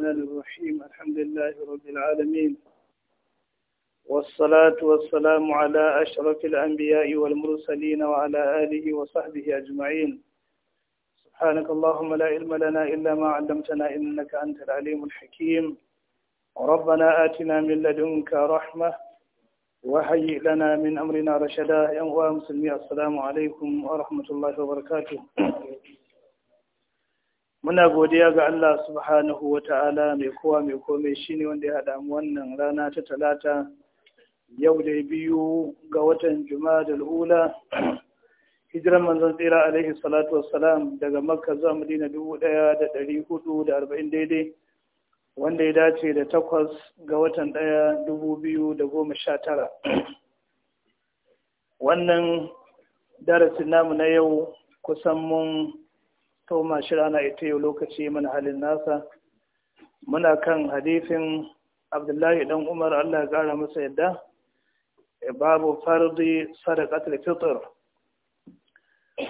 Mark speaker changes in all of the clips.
Speaker 1: الرحمن الرحيم الحمد لله رب العالمين والصلاة والسلام على أشرف الأنبياء والمرسلين وعلى آله وصحبه أجمعين سبحانك اللهم لا علم لنا إلا ما علمتنا إنك أنت العليم الحكيم ربنا آتنا من لدنك رحمة وهيئ لنا من أمرنا رشدا يا مسلمي السلام عليكم ورحمة الله وبركاته muna godiya ga Allah subhanahu wa ta'ala mai kowa mai komai ne wanda ya haɗa mu wannan rana ta talata yau da biyu ga watan juma'a da hijiran manzon tsira alaihi salatu wassalam daga makka zuwa madina dubu ɗaya da ɗari hudu da arba'in daidai wanda ya dace da takwas ga watan ɗaya dubu biyu da goma sha tara wannan darasin namu na yau kusan mun ta mashi rana ita yau lokaci mana halin nasa muna kan hadifin abdullahi dan umar allah gara masa yadda eh, babu fardi sadaqatul fitr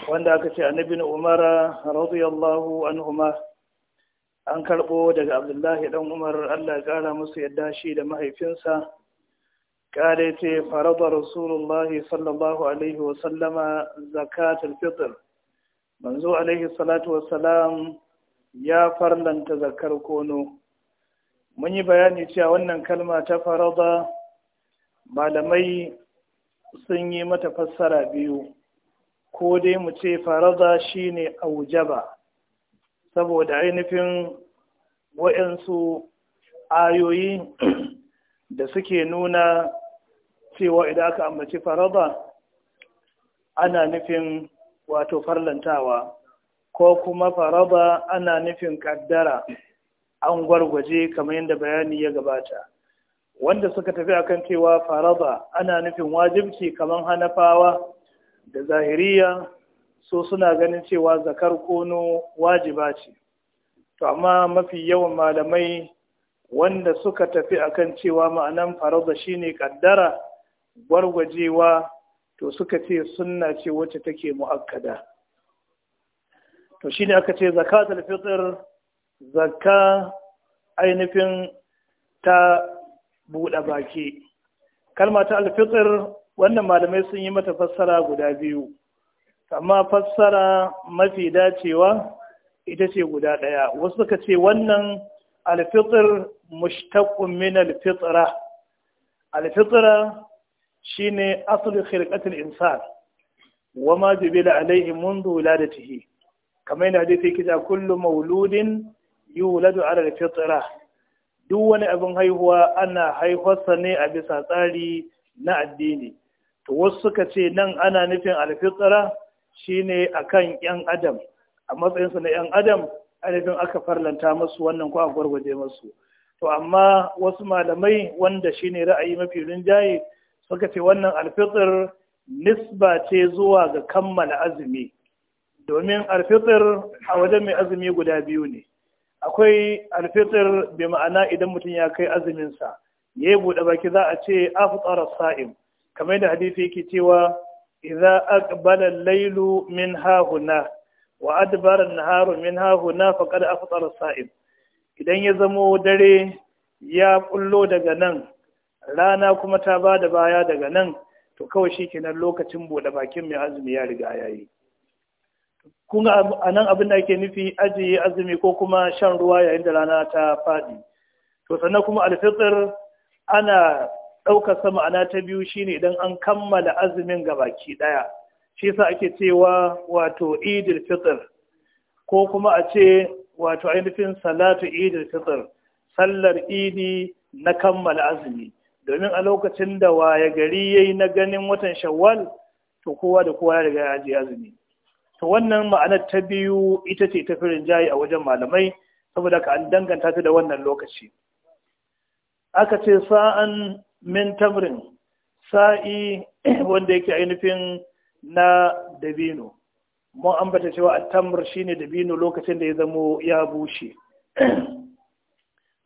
Speaker 1: wanda aka ce annabi umar radiyallahu anhuma an karbo daga abdullahi dan umar allah gara masa yadda shi da mahaifinsa kare ce farada rasulullahi sallallahu alaihi wa sallama, zakatul fitr manzo alaihi salatu wassalam ya farlanta zakar kono mun yi bayani cewa wannan kalma ta farada malamai sun yi mata fassara biyu ko dai mu ce farada shine aujaba saboda ainihin waɗansu ayoyi da suke nuna cewa idan aka ambaci farada ana nufin wato farlantawa ko kuma faraba ana nufin kaddara an gwargwaje kamar yadda bayani ya gabata wanda suka tafi akan cewa faraba ana nufin wajibci kamar hanafawa da zahiriya so suna ganin cewa zakar kono wajiba ce to amma mafi yawan malamai wanda suka tafi akan cewa ma'anan faraba shine kaddara gwargwajewa to suka ce sunna ce wacce take mu'akkada to shine aka ce zakatul fitr zakka ainihin ta buɗe baki kalma ta alfitr wannan malamai sun yi mata fassara guda biyu amma fassara mafi dacewa ita ce guda ɗaya wasu suka ce wannan alfitr mushtaqqun min alfitra alfitra Shi shine asalin khirqatul insan wa ma alaihi mundu tihi. kamar yana da fi cewa kullu mauludin yuladu ala da fitra duk wani abin haihuwa ana haihuwarsa ne a bisa tsari na addini to wasu suka ce nan ana nufin shi ne a kan yan adam a matsayinsu na yan adam nufin aka farlanta masu wannan ko a gwargwaje masu. to amma wasu malamai wanda shi ne ra'ayi mafi rinjaye suka ce wannan alfitir nisba ce zuwa ga kammala azumi domin alfitir a wajen mai azumi guda biyu ne akwai alfitir bi ma'ana idan mutum ya kai azuminsa ya yi buɗe baki za a ce afutara sa'im kamar da hadisi yake cewa idan aqbala al-lailu min hahuna wa adbara naharu min hahuna faqad afṭara saim idan ya zamo dare ya kullo daga nan rana kuma ta ba da baya daga nan to kawai shi kenan lokacin buɗe bakin mai azumi ya riga ya yi kun a nan abin da ake nufi ajiye azumi ko kuma shan ruwa yayin da rana ta faɗi to sannan kuma alfitar ana ɗaukar sa ma'ana ta biyu shine idan an kammala azumin ga baki ɗaya shi yasa ake cewa wato idil fitr ko kuma a ce wato ainihin salatu idil fitr sallar idi na kammala azumi domin a lokacin da waye gari ya yi na ganin watan shawwal to kowa da kowa ya riga ya ji azumi to wannan ma'anar ta biyu ita ce ta firin jayi a wajen malamai saboda ka an danganta ta da wannan lokaci aka ce sa'an min tamrin sa'i wanda yake ainihin na dabino mun ambata cewa at-tamr shine dabino lokacin da ya zamo ya bushe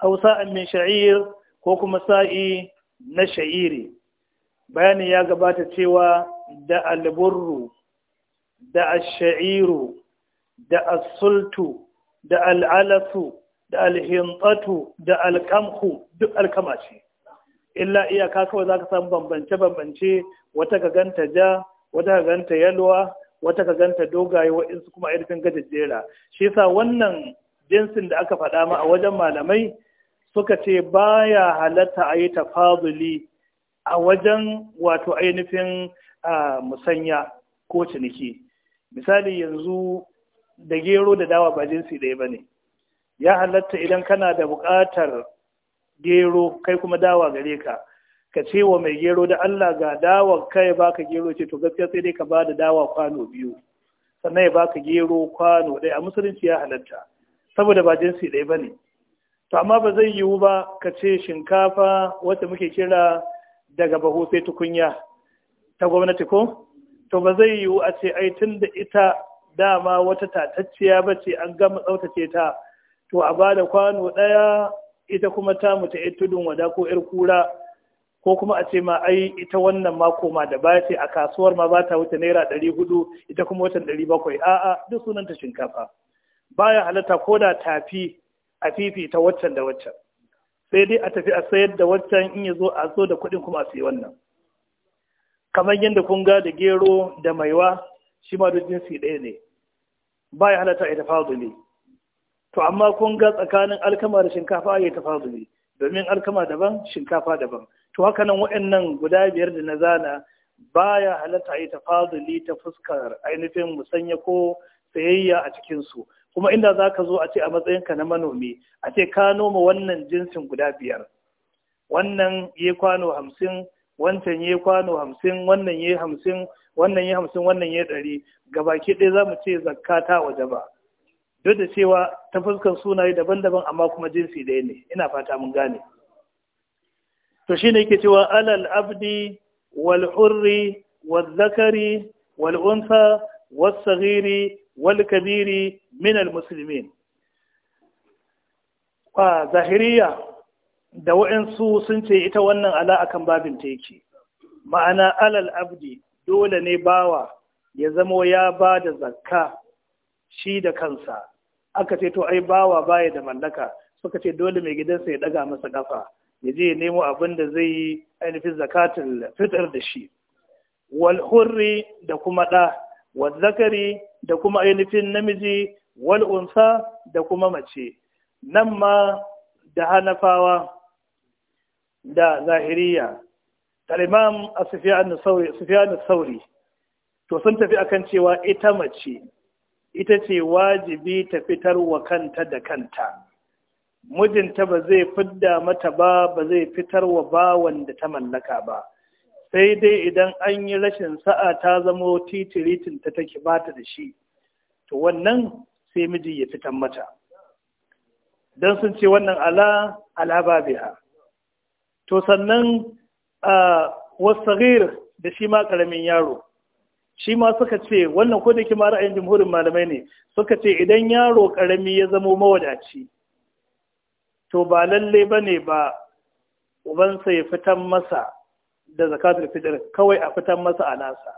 Speaker 1: aw sa'an min sha'ir ko kuma sa'i na sha'iri bayani ya gabata cewa da alburru da asha'iru da asultu da al'alatu da alhintatu da alkamhu duk alkama ce illa iyaka kawai zaka samu bambance-bambance wata ka ganta ja wata ka ganta yalwa wata ka ganta dogaye wa'insu kuma irfin gajejjera shi yasa wannan jinsin da aka faɗa ma a wajen malamai suka ce baya halatta a yi tafaduli a wajen wato ainihin musanya ko ciniki misali yanzu da gero da dawa ba jinsi ɗaya ba ne ya halatta idan kana da buƙatar gero kai kuma dawa gare ka ka ce wa mai gero da Allah ga dawa kai baka gero ce to gaskiya sai dai ka ba da dawa kwano biyu sannan ya baka gero kwano ɗaya a musulunci ya halatta saboda ba jinsi ɗaya ba ne to amma ba zai yiwu ba ka ce shinkafa wata muke kira daga baho sai tukunya ta gwamnati ko to ba zai yiwu a ce ai tun da ita dama wata tatacciya ba ce an gama tsautace ta to a ba da kwano ɗaya ita kuma ta mutu ya tudun wada ko yar kura ko kuma a ce ma ai ita wannan mako ma da baya ce a kasuwar ma ba ta wuce naira ɗari hudu ita kuma watan ɗari bakwai a'a duk sunanta shinkafa baya halatta ko da tafi a ta waccan da waccan sai dai a tafi a sayar da waccan in ya zo a zo da kuɗin kuma a sayi wannan kamar yadda kun ga da gero da maiwa shi ma duk jinsi ɗaya ne ba ya halatta ya tafaduli to amma kun ga tsakanin alkama da shinkafa ya tafaduli domin alkama daban shinkafa daban to haka nan waɗannan guda biyar da na zana ba ya halatta ya tafaduli ta fuskar ainihin musanya ko sayayya a cikinsu kuma inda za ka zo a ce a matsayinka na manomi a ce ka noma wannan jinsin guda biyar wannan ya kwano hamsin wancan ya kwano hamsin wannan ya hamsin wannan ya hamsin wannan ya ɗari gabaki ɗaya za mu ce zakka ta waje ba duk da cewa ta fuskar sunaye daban-daban amma kuma jinsi ɗaya ne ina fata mun gane to shine yake cewa alal abdi wal hurri wal zakari wal unsa wal saghiri wal kabiri من المسلمين muslimin zahiriya da waɗansu sun ce ita wannan ala akan babin ta yake ma'ana alal abdi dole ne bawa ya zamo ya ba da zakka shi da kansa aka ce to ai bawa baya da mallaka suka ce dole mai gidansa ya daga masa kafa ya je ya nemo abin da zai yi ainihin zakatul fitar da shi wal hurri da kuma ɗa wal zakari da kuma ainihin namiji Wal'unsa da kuma mace nan ma da hanafawa da zahiriya al a as sauri to sun tafi akan cewa ita mace ita ce wajibi ta fitar wa kanta da kanta mijinta ba zai fidda mata ba ba zai fitar wa bawan da ta mallaka ba sai dai idan an yi rashin sa'a ta zamo titiritin ta take bata da shi to wannan sai miji ya fitan mata don sun ce wannan ala alaba biya. to sannan wasagir da shi ma karamin yaro shi ma suka ce wannan ko da kima ra'ayin jimhurin malamai ne suka ce idan yaro karami ya zamo mawadaci to ba lalle ba ne ba ubansa ya fitan masa da zakatul fitr kawai a fitan masa a nasa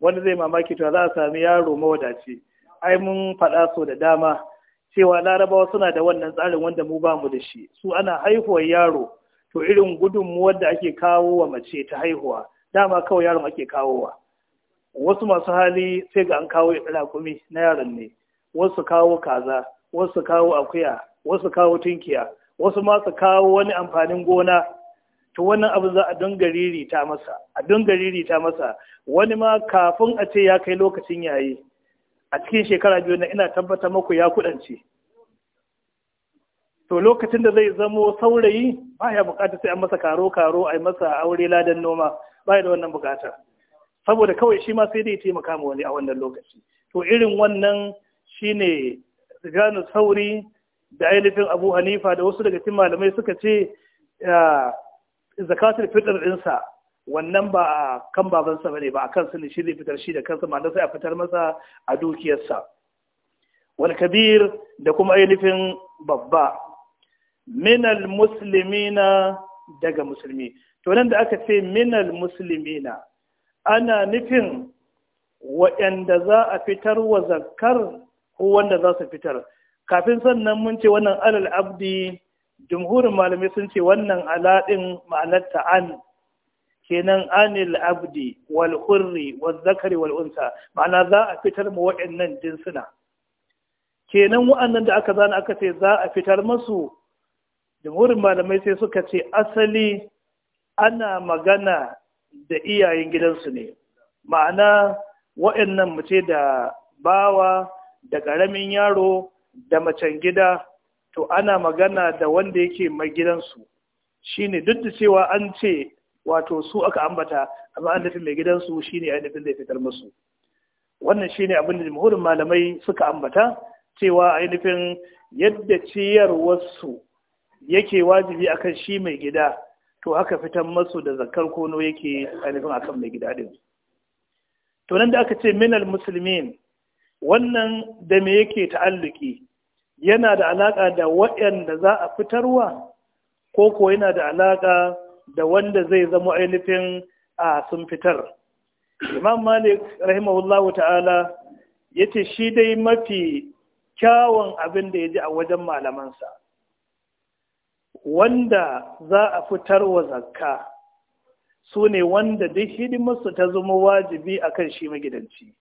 Speaker 1: wanda zai mamaki to za a sami yaro mawadaci ai mun faɗa so da dama cewa larabawa suna da wannan tsarin wanda mu bamu da shi su ana haihuwar yaro to irin gudunmuwar da ake kawo wa mace ta haihuwa dama kawai yaron ake kawowa wasu masu hali sai ga an kawo rakumi na yaron ne wasu kawo kaza wasu kawo akuya wasu kawo tunkiya wasu ma su kawo wani amfanin gona to wannan abu za a dinga ririta masa a dinga ririta masa wani ma kafin a ce ya kai lokacin yayi a cikin shekara biyu na ina tabbata maku ya kudance to lokacin da zai zamo saurayi ba ya bukata sai an masa karo-karo a yi masa aure ladan noma ba da wannan bukata saboda kawai shi ma sai dai taimaka ma wani a wannan lokaci to irin wannan shine gano sauri da ainihin abu hanifa da wasu daga cikin malamai suka ce zakatul fitar ɗinsa wannan ba a kan babansa ne ba a su ne shi zai fitar shi da kansa ma sai a fitar masa a dukiyarsa wal kabir da kuma ainihin babba minal muslimina daga musulmi to nan da aka ce minal muslimina ana nufin waɗanda za a fitar wa zakar ko wanda za su fitar kafin sannan mun ce wannan alal abdi jumhurin malamai sun ce wannan alaɗin ma'anar ta'an kenan anil abdi wal hurri wal zakari wal unsa ma'ana za a fitar mu waɗannan jinsuna kenan wa'annan da aka zana aka ce za a fitar masu jumhurin malamai sai suka ce asali ana magana da iyayen gidansu ne ma'ana waɗannan ce da bawa da ƙaramin yaro da macen gida to ana magana da wanda yake mai gidansu shine duk da cewa an ce wato su aka ambata amma an mai gidansu shine ya nufin zai fitar musu wannan shine abin da jimhurin malamai suka ambata cewa ainihin yadda ciyarwarsu yake wajibi akan shi mai gida to haka fitan masu da zakar kono yake ainihin akan mai gida din to nan da aka ce minal musulmin wannan da me yake ta'alluki yana da alaka da waɗanda za a fitarwa ko ko yana da alaka da wanda zai zama ainihin a sun fitar imam malik rahimahullahu ta'ala ya ce shi dai mafi kyawun abin da ya ji a wajen malamansa wanda za a fitar wa zakka su ne wanda duk hidimarsu ta zama wajibi a kan shi magidanci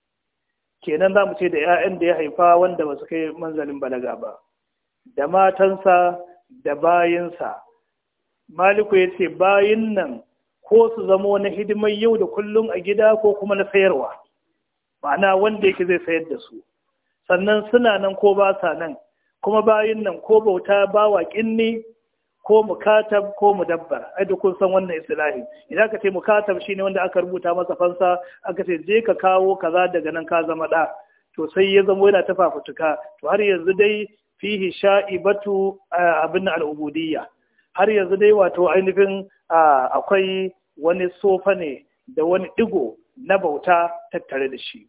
Speaker 1: kenan za mu ce da 'ya'yan da ya haifa wanda ba su kai manzanin balaga ba da matansa da bayansa maliku ya ce bayin nan ko su zamo na hidimai yau da kullum a gida ko kuma na sayarwa ma'ana wanda yake zai sayar da su sannan suna nan ko ba sa nan kuma bayin nan ko bauta ba wa kinni ko mukatab ko mudabbar ai da kun san wannan islahi idan ka ce mukatab shine wanda aka rubuta masa fansa aka ce je ka kawo kaza daga nan ka zama da to sai ya zama yana tafafa cika, to har yanzu dai fihi sha'ibatu abin al'ubudiyya har yanzu dai wato ainihin akwai wani sofa ne da wani digo na bauta tattare da shi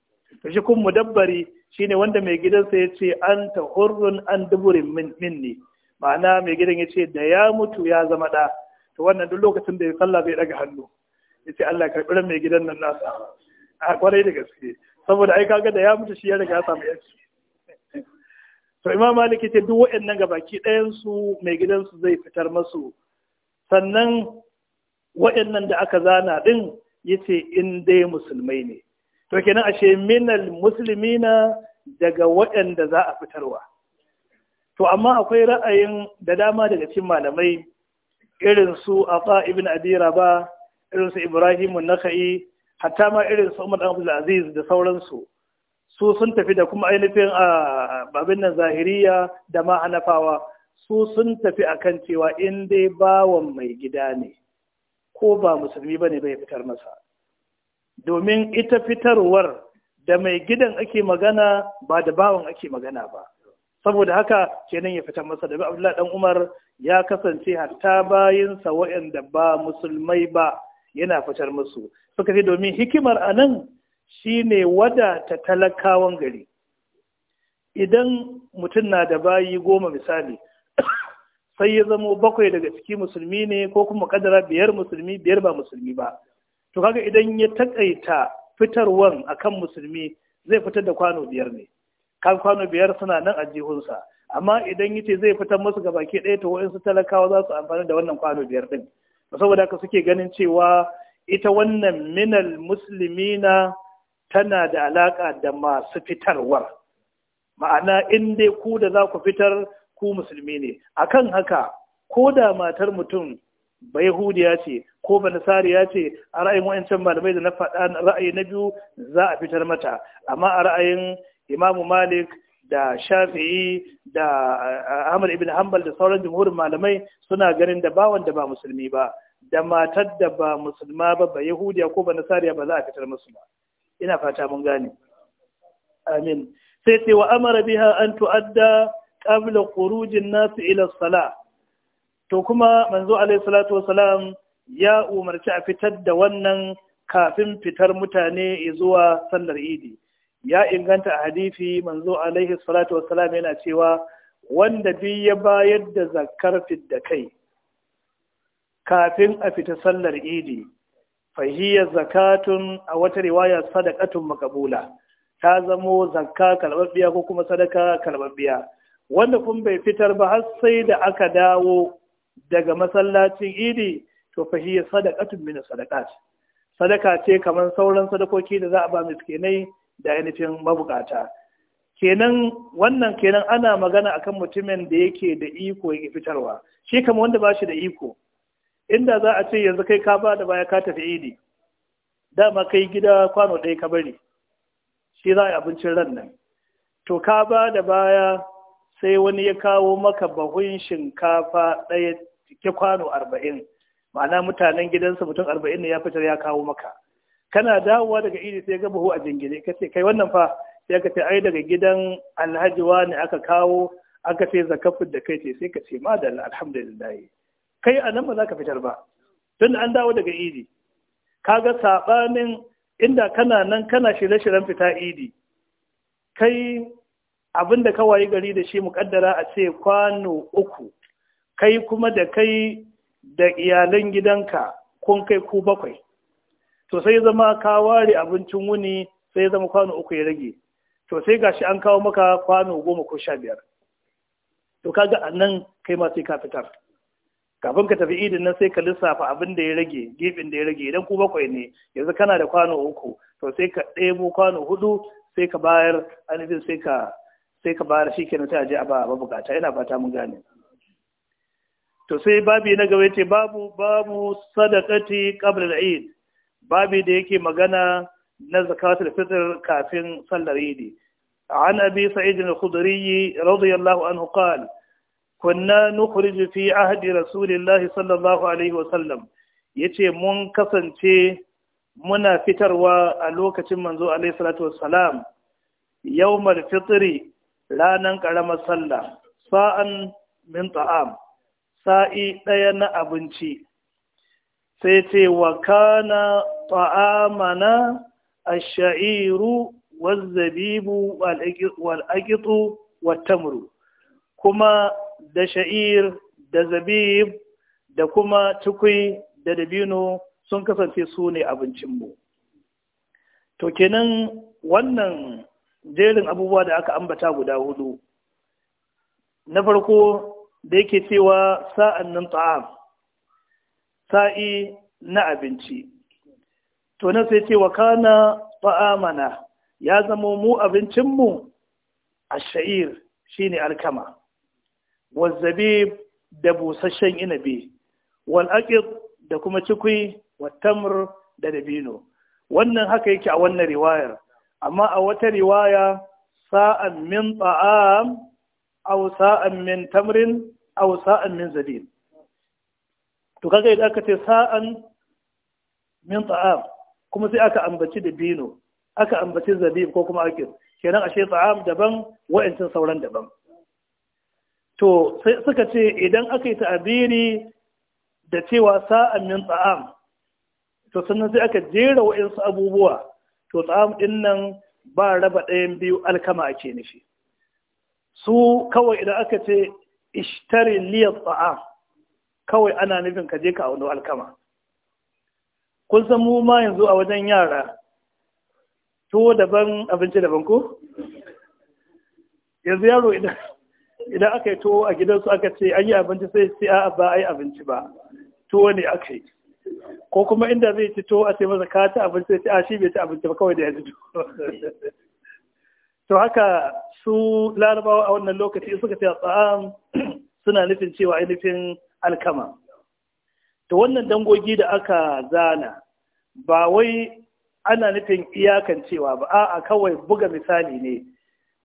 Speaker 1: shi kun mudabbari ne wanda mai gidansa ya ce an ta hurrun an duburin minni ma'ana mai gidan ya ce da ya mutu ya zama ɗa to wannan duk lokacin da ya sallah bai daga hannu ya ce Allah karɓi mai gidan nan nasa a kwarai da gaske saboda ai kaga da ya mutu shi ya riga ya samu yanki. to imam malik ce duk waɗannan gabaki ɗayansu mai gidansu zai fitar masu sannan waɗannan da aka zana din yace in dai musulmai ne to kenan ashe minal muslimina daga waɗanda za a fitarwa to amma akwai ra'ayin da dama daga cikin malamai irin su afa ibn adira raba irin su ibrahim naka'i hatta ma irin su umar abdul aziz da sauransu su sun tafi da kuma ainihin babin nan zahiriya da ma hanafawa su sun tafi akan cewa in dai bawan mai gida ne ko ba musulmi ba ne bai fitar masa domin ita fitarwar da mai gidan ake magana ba da bawan ake magana ba saboda haka kenan ya fitar masa da abdullahi dan umar ya kasance hatta bayinsa waɗanda ba musulmai ba yana fitar musu suka fi domin hikimar a nan. Shi shine wadata talakawan gari idan mutum na da bayi goma misali sai ya zamo bakwai daga ciki musulmi ne ko kuma kadara biyar musulmi biyar ba musulmi ba to kaga idan ya takaita fitarwan akan musulmi zai fitar da kwano biyar ne kan kwano biyar suna nan a jihunsa amma idan ya ce zai fitar masu ga baki ɗaya to wa'insu talakawa za su amfani da wannan kwano biyar ɗin saboda haka suke ganin cewa ita wannan minal muslimina tana da alaƙa da masu fitarwar ma'ana in dai ku da za ku fitar ku musulmi ne akan haka ko da matar mutum bai hudiya ce ko banasariya ce a ra'ayin wa'ancan malamai da na faɗa ra'ayi na biyu za a fitar mata amma a ra'ayin imamu malik da shafi'i da ahmad ibn hanbal da sauran jumhurin malamai suna ganin da ba wanda ba musulmi ba da matar da ba musulma ba ba yahudiya ko ba nasariya ba za a fitar musu ba ina fata mun gane amin sai ce wa amara biha an tu'adda qabla khurujin nasi ila salah to kuma manzo alaihi salatu wasalam ya umarci a fitar da wannan kafin fitar mutane zuwa sallar idi ya inganta a hadisi manzo alaihi salatu wasalam yana cewa wanda bi ya bayar da zakkar fidda kai kafin a fita sallar idi fahiyya zakatun a wata riwaya sadakatun makabula ta zamo zakka kalbabbiya ko kuma sadaka kalbabbiya wanda kun bai fitar ba har sai da aka dawo daga masallacin idi to fahiyya sadakatun min sadakat sadaka ce kamar sauran sadakoki da za a ba miskinai da ainihin mabukata kenan wannan kenan ana magana akan mutumin da yake da iko yake fitarwa shi kama wanda ba shi da iko inda za a ce yanzu kai ka ba da baya ka tafi idi dama kai gida kwano ɗaya ka bari shi za a yi abincin ran nan to ka ba da baya sai wani ya kawo maka bahun shinkafa ɗaya cike kwano arba'in ma'ana mutanen gidansa mutum arba'in ne ya fitar ya kawo maka kana dawowa daga idi sai ga buhu a jingine ka ce kai wannan fa sai ka ce ai daga gidan alhaji ne aka kawo aka ce zakafin da kai ce sai ka ce madalla alhamdulillah kai a nan ba za ka fitar ba tun an dawo daga idi kaga saɓanin inda kana nan kana shirye-shiryen fita idi kai abin da kawai gari da shi mukaddara a ce kwano uku kai kuma da kai da iyalan gidanka kun kai ku bakwai to sai zama ka ware abincin wuni sai zama kwano uku ya rage to sai gashi an kawo maka kwano goma ko sha biyar to kaga a nan kai ma sai ka fitar kafin ka tafi idin nan sai ka lissafa abin da ya rage gifin da ya rage idan ku bakwai ne yanzu kana da kwano uku to sai ka ɗebo kwano hudu sai ka bayar ainihin sai ka sai ka bayar shi sai a je a ba bukata ina fata mun gane to sai babi na gaba yace babu babu sadaqati qabla al-eid babi da yake magana na zakatul fitr kafin sallar idi عن أبي سعيد الخدري رضي الله عنه قال kunna nukhriju fi ahdi rasulillahi sallallahu alaihi wasallam yace mun kasance muna fitarwa a lokacin manzo alaihi salatu wassalam yawmal fitri ranan karamar sallah sa'an min ta'am sa'i daya na abinci sai ce wa kana ta'amana ash-sha'iru wazzabibu wal aqitu wat tamru kuma da sha'ir da zabib da kuma tukui da dabino sun kasance su ne abincinmu to kenan wannan jerin abubuwa da aka ambata guda hudu na farko da yake cewa sa'an nan ta'am sa'i na abinci to na sai cewa kana ta'amana ya zama mu abincinmu a sha'ir shi ne alkama wazzabib da busasshen inabi wal'aƙir da kuma cikui wa da dabino wannan haka yake a wannan riwayar amma a wata riwaya sa'an min ta'am aw sa'an min tamrin aw sa'an min zabib to kaga idan aka ce sa'an min ta'am kuma sai aka ambaci dabino aka ambaci zabib ko kuma aqid kenan ashe ta'am daban wa'ancin sauran daban to sai suka ce idan aka yi ta'abiri da cewa sa'an min tsa'am to sannan sai aka jera wa'insu abubuwa to tsa'am din nan ba raba ɗayan biyu alkama ake nufi su kawai idan aka ce ishtari liyar tsa'am kawai ana nufin ka je ka wani alkama kun san mu ma yanzu a wajen yara tuwo daban abinci daban ko yanzu yaro idan idan aka yi tuwo a gidansu aka ce an yi abinci sai sai a ba a yi abinci ba tuwo ne aka yi ko kuma inda zai ci tuwo a ce masa ka ci abinci sai a shi bai ci abinci ba kawai da ya ji to haka su larabawa a wannan lokaci suka ce tsa'am suna nufin cewa ainihin alkama to wannan dangogi da aka zana ba wai ana nufin iyakancewa ba a'a kawai buga misali ne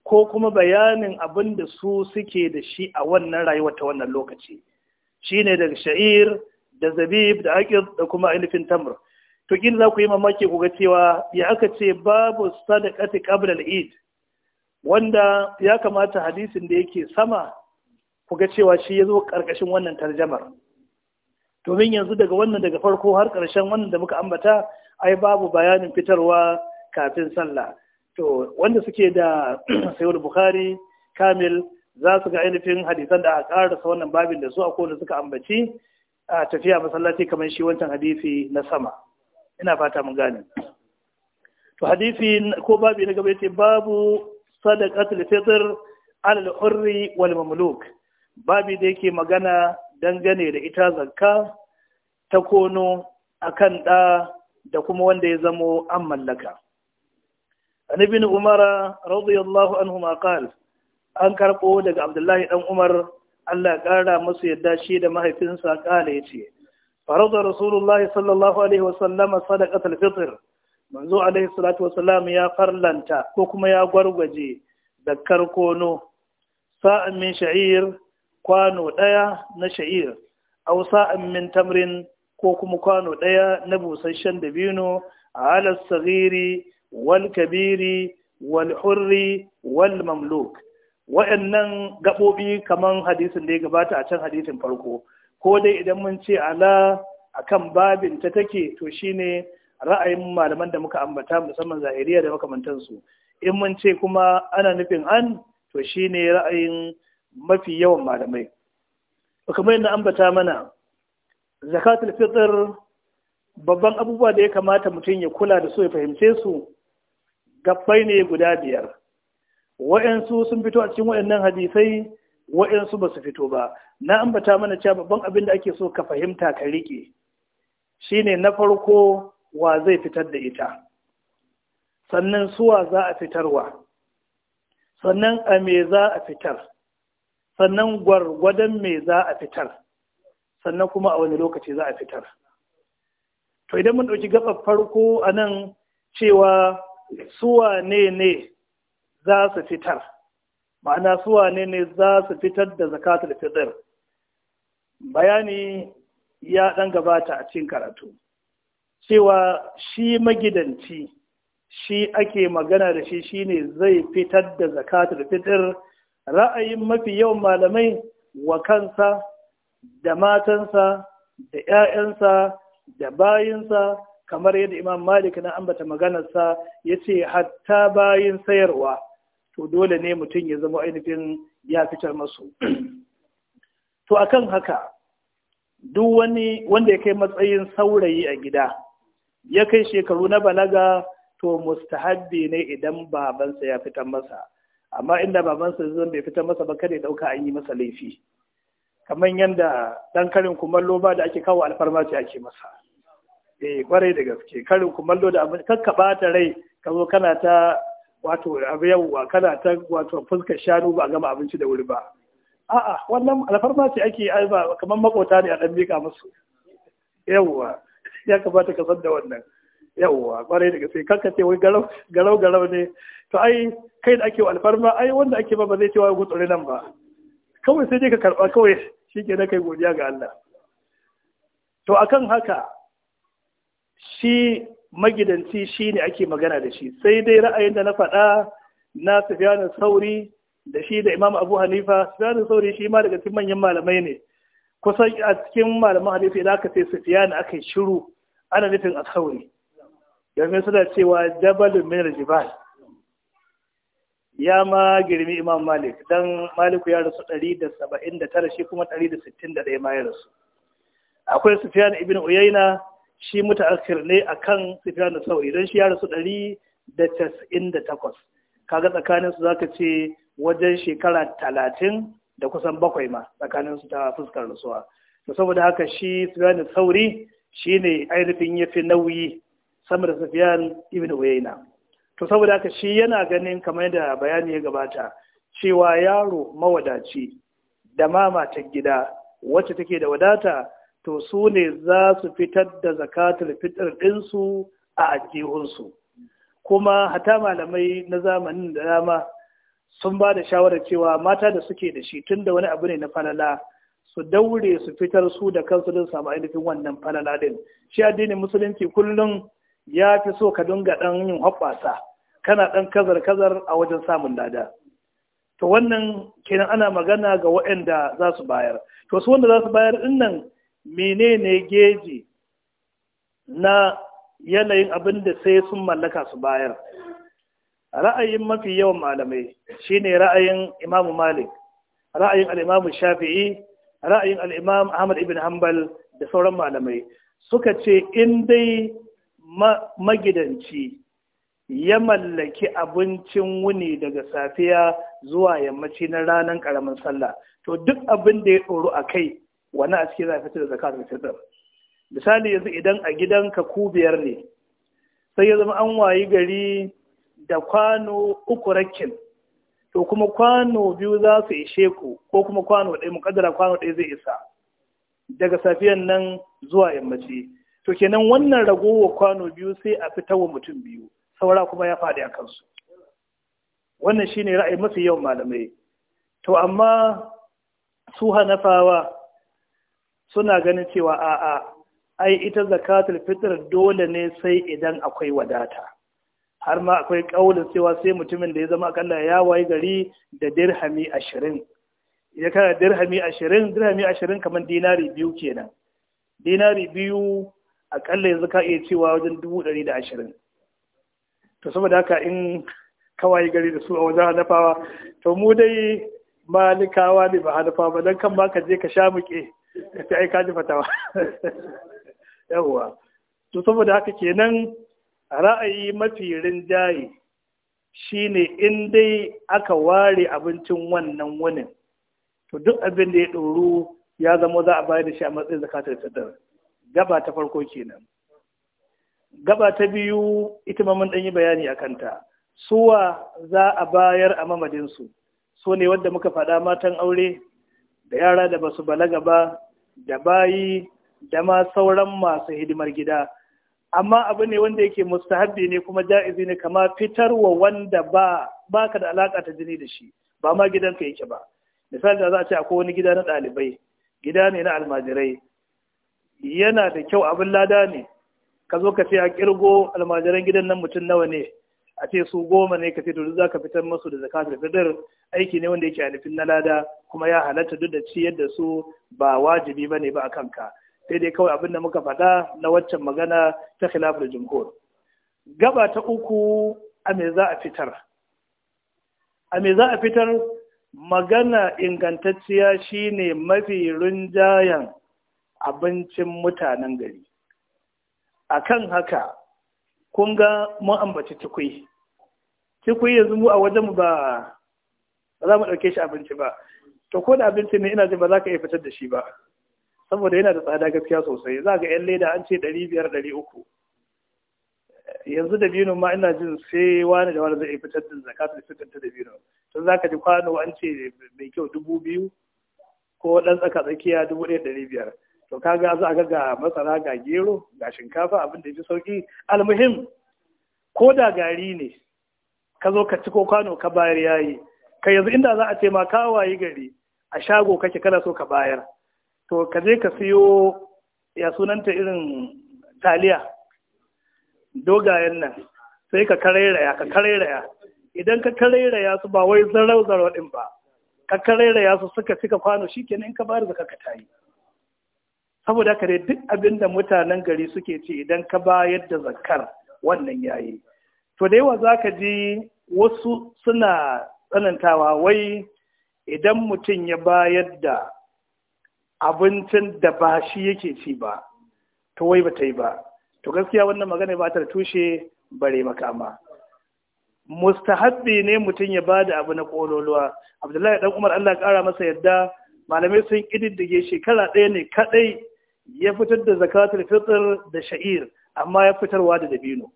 Speaker 1: ko kuma bayanin abin da su suke da shi a wannan rayuwa ta wannan lokaci shine daga sha'ir da zabib da aqid da kuma ainihin tamr to kin za ku yi mamaki ku ga cewa ya aka ce babu sadaqati qabla al wanda ya kamata hadisin da yake sama ku ga cewa shi ya zo karkashin wannan tarjamar domin yanzu daga wannan daga farko har karshen wannan da muka ambata ai babu bayanin fitarwa kafin sallah to wanda suke da sayar bukhari kamil za su ga ainihin hadisan da aka ƙarasa wannan babin da su a kowanne suka ambaci a tafiya masallaci kamar shi wancan hadisi na sama ina fata mun gane to hadisi ko babi na gaba yace babu sadaqatul fitr ala al hurr wal mamluk babi da yake magana dangane da ita zakka ta kono akan da da kuma wanda ya zamo an mallaka an ibn umara radiyallahu anhuma qal an karbo daga abdullahi dan umar Allah ƙara masu yadda shi da mahaifinsa ƙala yace ce, Farazar Rasulullahi sallallahu Alaihi wasallama sadakatar fitr, manzo Alaihi salatu salam ya farlanta ko kuma ya gwargwaje da karkono, sa'an min sha'ir kwano ɗaya na sha'ir, au sa'an min tamrin ko kuma kwano ɗaya na busasshen dabino a halar sagiri wal kabiri wal hurri wal mamluk wa'annan gabobi kaman hadisin da ya gabata a can hadisin farko ko dai idan mun ce ala akan babin ta take to shine ra'ayin malaman da muka ambata musamman zahiriya da makamantansu in mun ce kuma ana nufin an to shine ra'ayin mafi yawan malamai kamar yadda ambata mana zakatul fitr babban abubuwa da ya kamata mutum ya kula da su ya fahimce su gabbai ne guda biyar wa'yansu sun fito a cikin wa'yannan hadisai wa'yansu ba su fito ba na ambata mana cewa babban abin da ake so ka fahimta ka riƙe Shi ne na farko wa zai fitar da ita sannan suwa za a fitarwa sannan a me za a fitar sannan gwargwadon me za a fitar sannan kuma a wani lokaci za a fitar to idan mun ɗauki gaɓar farko a nan cewa suwa ne ne za su fitar ma'ana suwa ne ne za su fitar da zakatul fitr bayani ya ɗan gabata a cikin karatu cewa shi magidanci shi ake magana da shi shine zai fitar da zakatul fitr ra'ayin mafi yawan malamai wa kansa da matansa da 'ya'yansa da bayinsa kamar yadda imam malik na ambata maganarsa ya ce hatta bayin sayarwa to dole ne mutum ya zama ainihin ya fitar masu to akan haka duk wani wanda ya kai matsayin saurayi a gida ya kai shekaru na balaga to mustahabbi ne idan babansa ya fitar masa amma inda babansa zan bai fitar masa ba kada ya dauka an yi masa laifi kamar yadda dan karin kumallo ba da ake kawo alfarmaci ake masa eh kwarai da gaske karin kumallo da abin kakka bata rai ka zo kana ta wato abu yawwa kana ta wato fuskar shanu ba gama abinci da wuri ba a'a wannan alfarma ce ake ai ba kamar makota ne a dan bika musu yawwa ya kamata ka san da wannan yawwa kwarai da gaske kakka ce wai garau garau garau ne to ai kai da ake alfarma ai wanda ake ba ba zai ce wai gutsure nan ba kawai sai dai ka karba kawai shi ke na kai godiya ga Allah to akan haka shi magidanci shi ne ake magana da shi sai dai ra'ayin da na faɗa na Sufiyanu Sauri da shi da Imam Abu Hanifa Sufiyanu Sauri shi ma daga cikin manyan malamai ne kusan a cikin malaman hanifa idan aka ce Sufiyanu aka yi shiru ana nufin a Sauri domin suna cewa dabalin min jibal ya ma girmi Imam Malik dan Maliku ya rasu 179 shi kuma 161 ma ya rasu akwai Sufiyanu ibn Uyayna shi mutaakhir ne akan Sufyan as-Sauri shi ya rasu ɗari da da 198 kaga tsakaninsu su zaka ce wajen shekara talatin da kusan bakwai ma tsakaninsu ta fuskar rasuwa to saboda haka shi Sufyan sauri shine ainihin yafi nauyi sama da Sufyan ibn Uyayna to saboda haka shi yana ganin kamar da bayani ya gabata cewa yaro mawadaci da ma matar gida wacce take da wadata to su ne za su fitar da zakatul fitr ɗinsu a ajihunsu kuma hata malamai na zamanin da dama sun ba da shawarar cewa mata da suke da shi tun da wani abu ne na falala su daure su fitar su da kansu don samu ainihin wannan falala din shi addinin musulunci kullum ya fi so ka dinga ɗan yin hoɓɓasa kana ɗan kazar-kazar a wajen samun lada to wannan kenan ana magana ga waɗanda za su bayar to su wanda za su bayar ɗin nan menene geji na yanayin abin da sai sun mallaka su bayar ra'ayin mafi yawan malamai shine ra'ayin imam malik ra'ayin al'imamu shafi'i ra'ayin al'imam ahmad ibn hanbal da sauran malamai suka ce in dai magidanci ya mallaki abincin wuni daga safiya zuwa yammaci na ranar ƙaramin sallah to duk abin da ya tsoro a kai Wani a cikin za a fitar da zakatul misali yanzu idan a ka ku biyar ne sai ya zama an wayi gari da kwano uku rakin to kuma kwano biyu za su ishe ku ko kuma kwano ɗaya muƙaddara kwano ɗaya zai isa daga safiyan nan zuwa yammaci to kenan wannan ragowa kwano biyu sai a fita wa mutum biyu saura kuma ya faɗi a kansu wannan shine ra'ayi mafi yawan malamai to amma su hanafawa suna ganin cewa a'a ai ita zakatul fitr dole ne sai idan akwai wadata har ma akwai kaulin cewa sai mutumin da ya zama akalla ya wayi gari da dirhami ashirin idan kana dirhami ashirin dirhami ashirin kamar dinari biyu kenan dinari biyu akalla yanzu ka iya cewa wajen dubu ɗari da ashirin to saboda haka in kawai gari da su a wajen hanafawa to mu dai malikawa ne ba hanafa ba don kan ma ka je ka sha muke ta aika kaji fatawa yawwa to saboda haka kenan ra'ayi mafi rinjaye shine in dai aka ware abincin wannan wunin to duk abin da ya ɗoru ya zama za a bayar da shi a matsayin zakatar fitar gaba ta farko kenan gaba ta biyu ita ma mun yi bayani a kanta suwa za a bayar a mamadinsu su ne wadda muka faɗa matan aure da yara da basu balaga ba da bayi da ma sauran masu hidimar gida amma abu ne wanda yake mustahabbi ne kuma ja'izi ne kama fitar wa wanda ba baka da alaka ta jini da shi ba ma gidan ka yake ba misali da za a ce akwai wani gida na ɗalibai gida ne na almajirai yana da kyau abin lada ne ka zo ka ce a kirgo almajiran gidan nan mutum nawa ne a ce su goma ne ka ce to za ka fitar masu da zakatul fitr aiki ne wanda yake a nufin na lada kuma ya halatta duk da ciyar da su ba wajibi ba ne ba a kanka sai dai kawai abin da muka faɗa na waccan magana ta khilafar jumhur gaba ta uku a me za a fitar a me za a fitar magana ingantacciya shine mafi rinjayen abincin mutanen gari A kan haka kun ga mun ambaci cikui cikui yanzu mu a wajenmu ba za mu ɗauke shi abinci ba to ko da abinci ne ina jin ba za ka iya fitar da shi ba saboda yana da tsada gaskiya sosai za ga yan leda an ce ɗari biyar ɗari uku yanzu da bino ma ina jin sai wani da wani zai fitar da zakatul fitar da bino to za ka ji kwano an ce mai kyau dubu biyu ko ɗan tsaka tsakiya dubu ɗaya ɗari biyar to ga za a ga masara ga gero ga shinkafa abin da ya fi sauki almuhim ko da gari ne ka zo ka ci ko kwano ka bayar yayi kai yanzu inda za a ce ma kawaye gari a shago kake kana so ka bayar to ka je ka siyo ya sunanta irin taliya dogayen nan sai ka karairaya ka karairaya idan ka karairaya su ba wai zarau zarau din ba ka karairaya su suka cika kwano shikenan in ka bayar zaka ka tayi saboda haka dai duk abin da mutanen gari suke ci idan ka bayar da zakar wannan yayi to da yawa zaka ji wasu suna tsanantawa wai idan mutum ya bayar da abincin da ba shi yake ci ba to wai ba ta yi ba to gaskiya wannan magana ba ta tushe bare makama mustahabbi ne mutum ya ba da abu na kololuwa abdullahi dan umar Allah kara masa yadda malamai sun kididdige shekara ɗaya ne kaɗai, ya fitar da zakatul fitr da sha'ir amma ya fitarwa da dabino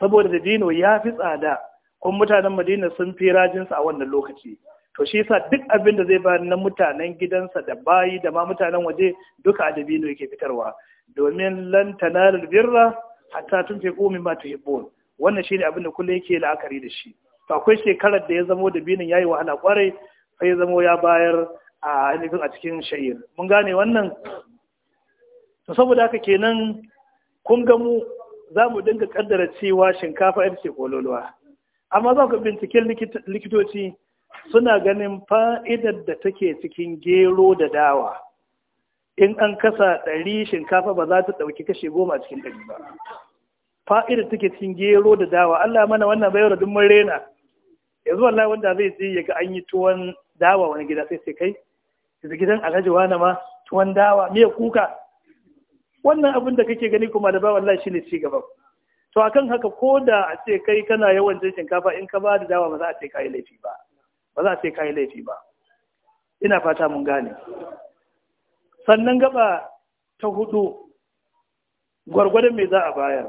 Speaker 1: saboda dabino ya fi tsada kuma mutanen madina sun fi rajinsa a wannan lokaci to shi yasa duk abin da zai ba na mutanen gidansa da bayi da ma mutanen waje duka a dabino yake fitarwa domin lan da birra hatta tun ma ta tuhibbun wannan shine abin da kullum yake la'akari da shi to akwai shekarar da ya zamo dabinin yayi wahala kwarai sai ya zamo ya bayar a ainihin a cikin sha'ir mun gane wannan to saboda haka kenan kun ga mu za mu dinga kaddara cewa shinkafa ita ce kololuwa amma za ku binciken likitoci suna ganin fa'idar da take cikin gero da dawa in an kasa ɗari shinkafa ba za ta ɗauki kashe goma cikin ɗari ba fa'idar take cikin gero da dawa Allah mana wannan bayar da dummar rena zuwa Allah wanda zai je yaga ga an yi tuwon dawa wani gida sai sai kai yanzu gidan alhaji wani ma tuwon dawa miya kuka wannan abin da kake gani kuma da ba wallahi shine ci gaba to akan haka ko da a ce kai kana yawan cin shinkafa in ka ba da dawa ba za a ce kai laifi ba ba za a kayi laifi ba ina fata mun gane sannan gaba ta hudu gwargwadon mai za a bayar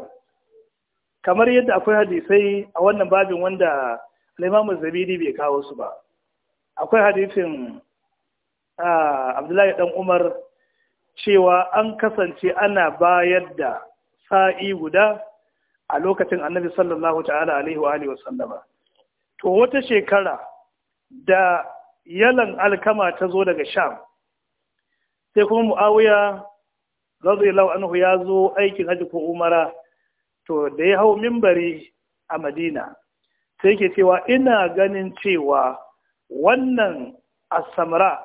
Speaker 1: kamar yadda akwai hadisai a wannan babin wanda limamin zabidi bai kawo su ba akwai hadisin abdullahi dan umar cewa an kasance ana bayar da sa'i guda a lokacin annabi sallallahu ta'ala alaihi wa sallama to wata shekara da yalan alkama ta zo daga sham sai kuma mu'awiya ilau anhu ya zo aikin haji ko umara to da ya hau mimbari a madina sai ke cewa ina ganin cewa wannan asamra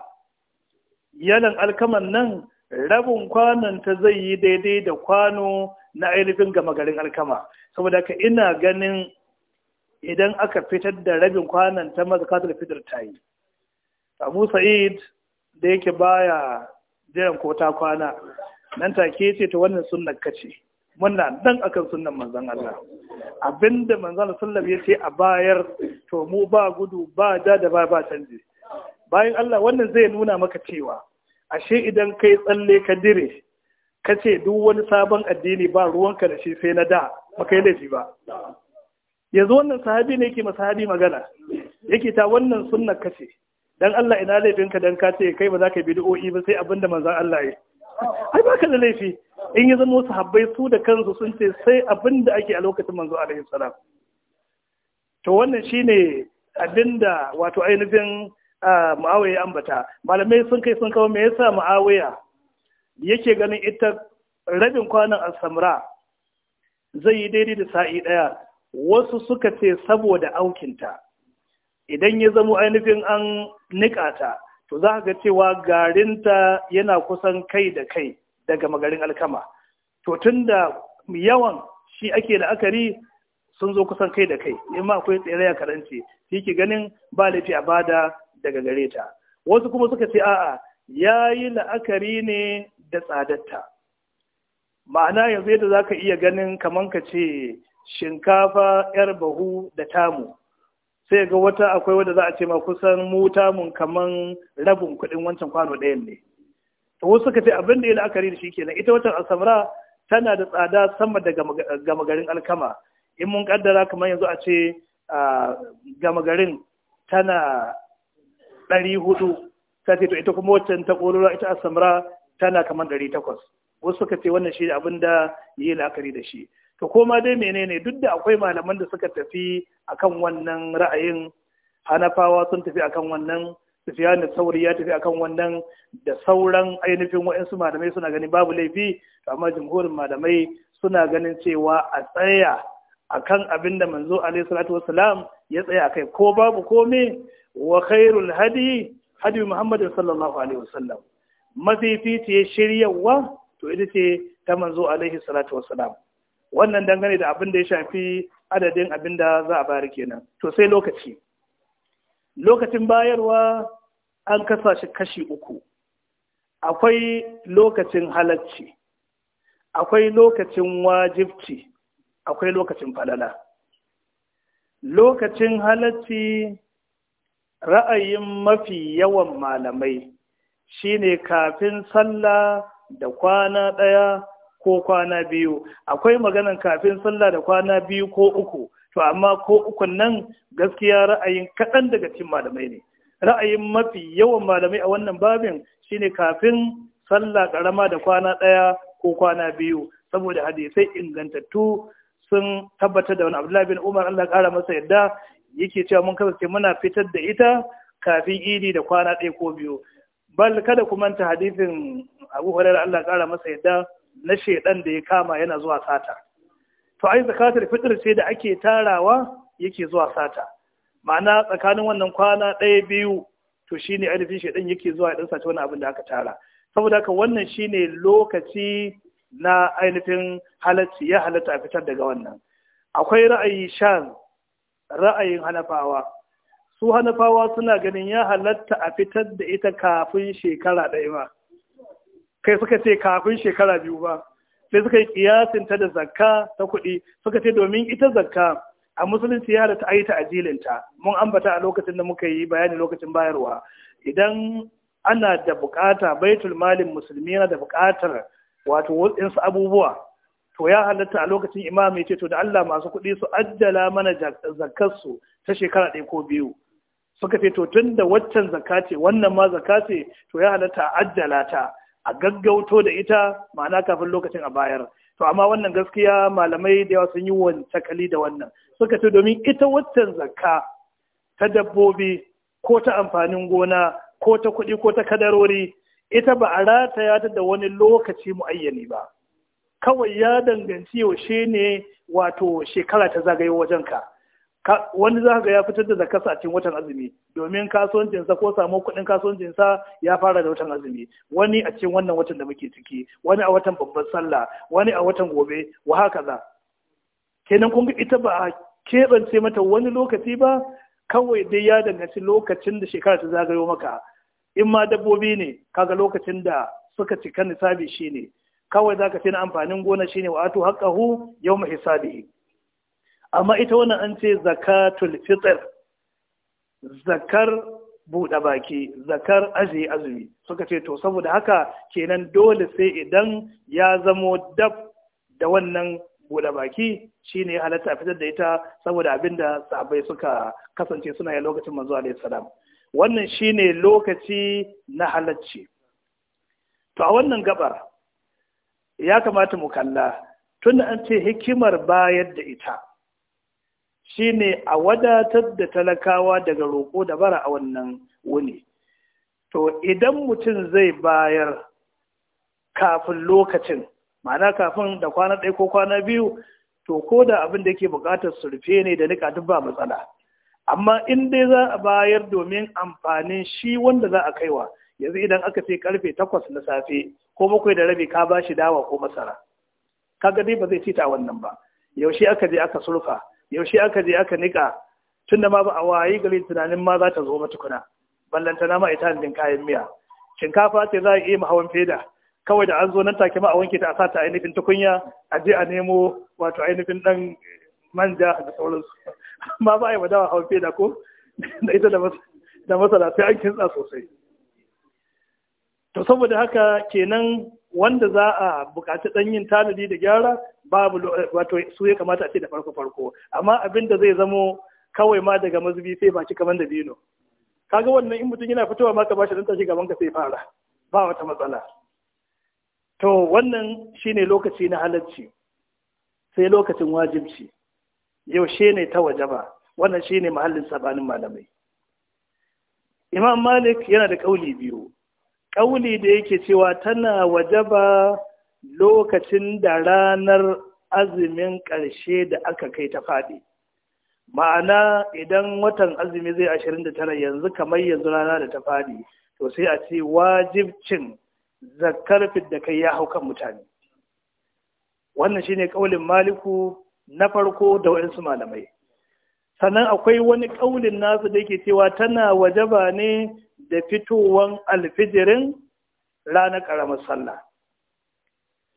Speaker 1: yalan alkaman nan rabin kwanon ta zai yi daidai da kwano na ainihin gama garin alkama saboda ka ina ganin idan aka fitar da rabin kwanan ta mazakatul fitar ta yi abu sa'id da yake baya jiran ko ta kwana nan take ce ta wannan sunnar kace muna dan akan sunnan manzon Allah abinda manzon Allah ya ce a bayar to mu ba gudu ba da da ba ba canji bayan Allah wannan zai nuna maka cewa ashe idan kai tsalle ka dire ka ce duk wani sabon addini ba ruwanka da shi sai na da ba kai laifi ba yanzu wannan sahabi ne yake masahabi magana yake ta wannan sunna kace dan Allah ina laifin ka dan ka ce kai ba za ka bid'o'i ba sai abinda manzon Allah yi ai baka da laifi in ya mu sahabbai su da kansu sun ce sai abinda ake a lokacin manzo alaihi salam to wannan shine abinda wato ainihin Muawiya ambata malamai sun kai sun kawo me yasa Muawiya yake ganin ita rabin kwanan al-samra zai yi daidai da sa'i daya wasu suka ce saboda aukinta idan ya zamo ainihin an niƙa to za ga cewa garinta yana kusan kai da kai daga magarin alkama to tun da yawan shi ake la'akari sun zo kusan kai da kai in ma akwai tsere ya karanci shi ke ganin ba laifi a bada daga gare ta wasu kuma suka ce a'a ya yi la'akari ne da tsadatta ma'ana yanzu yadda za ka iya ganin kamar ka ce shinkafa yar bahu da tamu sai ga wata akwai wadda za a ce ma kusan mu tamun kaman rabin kuɗin wancan kwano ɗaya ne to wasu suka ce abin da ya la'akari da shi kenan ita watan asamra tana da tsada sama da gama garin alkama in mun kaddara kamar yanzu a ce gama garin tana ɗari hudu ta ce to ita kuma wancan ta ƙolura ita asamra tana kaman ɗari takwas wasu suka ce wannan shi abin da ya la'akari da shi to koma dai menene duk da akwai malaman da suka tafi akan wannan ra'ayin hanafawa sun tafi akan wannan sufiyani sauri ya tafi akan wannan da sauran ainihin wa'insu malamai suna ganin babu laifi amma jimhurin malamai suna ganin cewa a tsaya akan abin da manzo alaihi salatu wassalam ya tsaya akai ko babu komai wa khairul hadi hadi muhammad sallallahu alaihi wasallam mafificiyar shiryawa to ita ce ta manzo alaihi salatu wassalam wannan dangane da abin da ya shafi adadin abin da za a bayar kenan to sai lokaci lokacin bayarwa an kasa shi kashi uku akwai lokacin halacci akwai lokacin wajibci akwai lokacin falala lokacin halacci ra'ayin mafi yawan malamai shine kafin sallah da kwana ɗaya ko kwana biyu akwai maganan kafin sallah da kwana biyu ko uku to amma ko uku nan gaskiya ra'ayin kaɗan daga cikin malamai ne ra'ayin mafi yawan malamai a wannan babin shine kafin sallah karama da kwana ɗaya ko kwana biyu saboda hadisai ingantattu sun tabbatar da wani abdullahi bin umar allah ƙara masa yadda yake cewa mun kasance muna fitar da ita kafin idi da kwana ɗaya ko biyu bal kada ku manta hadisin abu hurairah allah ƙara masa yadda na shedan da ya kama yana zuwa sata to ai zakatul fitr sai da ake tarawa yake zuwa sata ma'ana tsakanin wannan kwana ɗaya biyu to shine ainihin shedan yake zuwa ya sata sace wani abin da aka tara saboda haka wannan shine lokaci na ainihin halacci ya halatta a fitar daga wannan akwai ra'ayi shan ra'ayin hanafawa su hanafawa suna ganin ya halatta a fitar da ita kafin shekara ɗaya ma kai suka ce kafin shekara biyu ba sai suka yi kiyasin ta da zakka ta kuɗi suka ce domin ita zakka a musulunci ya ta ayi ta ajilinta mun ambata a lokacin da muka yi bayani lokacin bayarwa idan ana da bukata baitul malin musulmi yana da bukatar wato wasu abubuwa to ya halatta a lokacin imam ya ce to da Allah masu kuɗi su ajjala mana su ta shekara ɗaya ko biyu suka ce to tun da waccan zakka ce wannan ma zakka ce to ya halatta a ajjala ta a gaggauto da ita ma'ana kafin lokacin a bayar to amma wannan gaskiya malamai da yawa sun yi wancakali da wannan suka ce domin ita waccan zakka ta dabbobi ko ta amfanin gona ko ta kuɗi ko ta kadarori ita ba a rataya ta da wani lokaci muayyani ba kawai ya danganci yaushe ne wato shekara ta zagayo ka. wani za ga ya fitar da zakasa a cikin watan azumi domin kasuwancinsa ko samu kuɗin kasuwancinsa ya fara da watan azumi wani a cikin wannan watan da muke ciki wani a watan babban sallah wani a watan gobe wa haka za kenan kun ga ita ba a keɓance mata wani lokaci ba kawai dai ya danganci lokacin da shekara ta zagayo maka in ma dabbobi ne kaga lokacin da suka cika nisabi shine kawai zaka ce na amfanin gona shine wa atu haqqahu yawma hisabihi amma ita wannan an ce zakatul fitr zakar buɗe baki zakar ajiye azumi suka ce to saboda haka kenan dole sai idan ya zamo dab da wannan buɗe baki shine ya halatta fitar da ita saboda abinda sabai suka kasance suna yi lokacin manzo alaihi salam wannan shine lokaci na halacci to a wannan gabar ya kamata mu kalla tunda an ce hikimar bayar da ita Shi ne a wadatar da talakawa daga roƙo da bara a wannan wuni to idan mutum zai bayar kafin lokacin ma'ana kafin da kwana ɗaya ko kwana biyu to ko da abin da yake buƙatar surfe ne da nika duk ba matsala amma in dai za a bayar domin amfanin shi wanda za a kaiwa yanzu idan aka ce karfe takwas na safe ko bakwai da rabi ka ba shi dawa ko masara kaga dai ba zai ci wannan ba yaushe aka je aka surfa yaushe aka je aka nika tun da ma ba a wayi gari tunanin ma za ta zo matukuna ballantana ma ita din kayan miya shinkafa ce za a iya hawan feda kawai da an zo nan take ma a wanke ta a sata ainihin tukunya a je a nemo wato ainihin dan manja da sauransu amma ba a yi wadawa hawan feda ko da ita da masara sai an kintsa sosai to saboda haka kenan wanda za a bukaci dan tanadi da gyara babu wato su ya kamata a ce da farko farko amma abin da zai zamo kawai ma daga mazubi sai baki kamar da bino kaga wannan in mutum yana fitowa maka ka bashi dan tashi gaban ka sai fara ba wata matsala to wannan shine lokaci na halacci sai lokacin wajibci yaushe ne ta waje ba? wannan shine mahallin sabanin malamai imam malik yana da kauli biyu ƙauli da yake cewa tana wajaba lokacin da ranar azumin ƙarshe da aka kai ta faɗi ma'ana idan watan azumi zai ashirin da tara yanzu kamar yanzu rana da ta faɗi to sai a ce wajibcin zakar da kai ya hau kan mutane wannan shine ƙaulin maliku na farko da waɗansu malamai sannan akwai wani ƙaulin nasu da yake cewa tana wajaba ne da fitowan alfijirin ranar ƙaramar sallah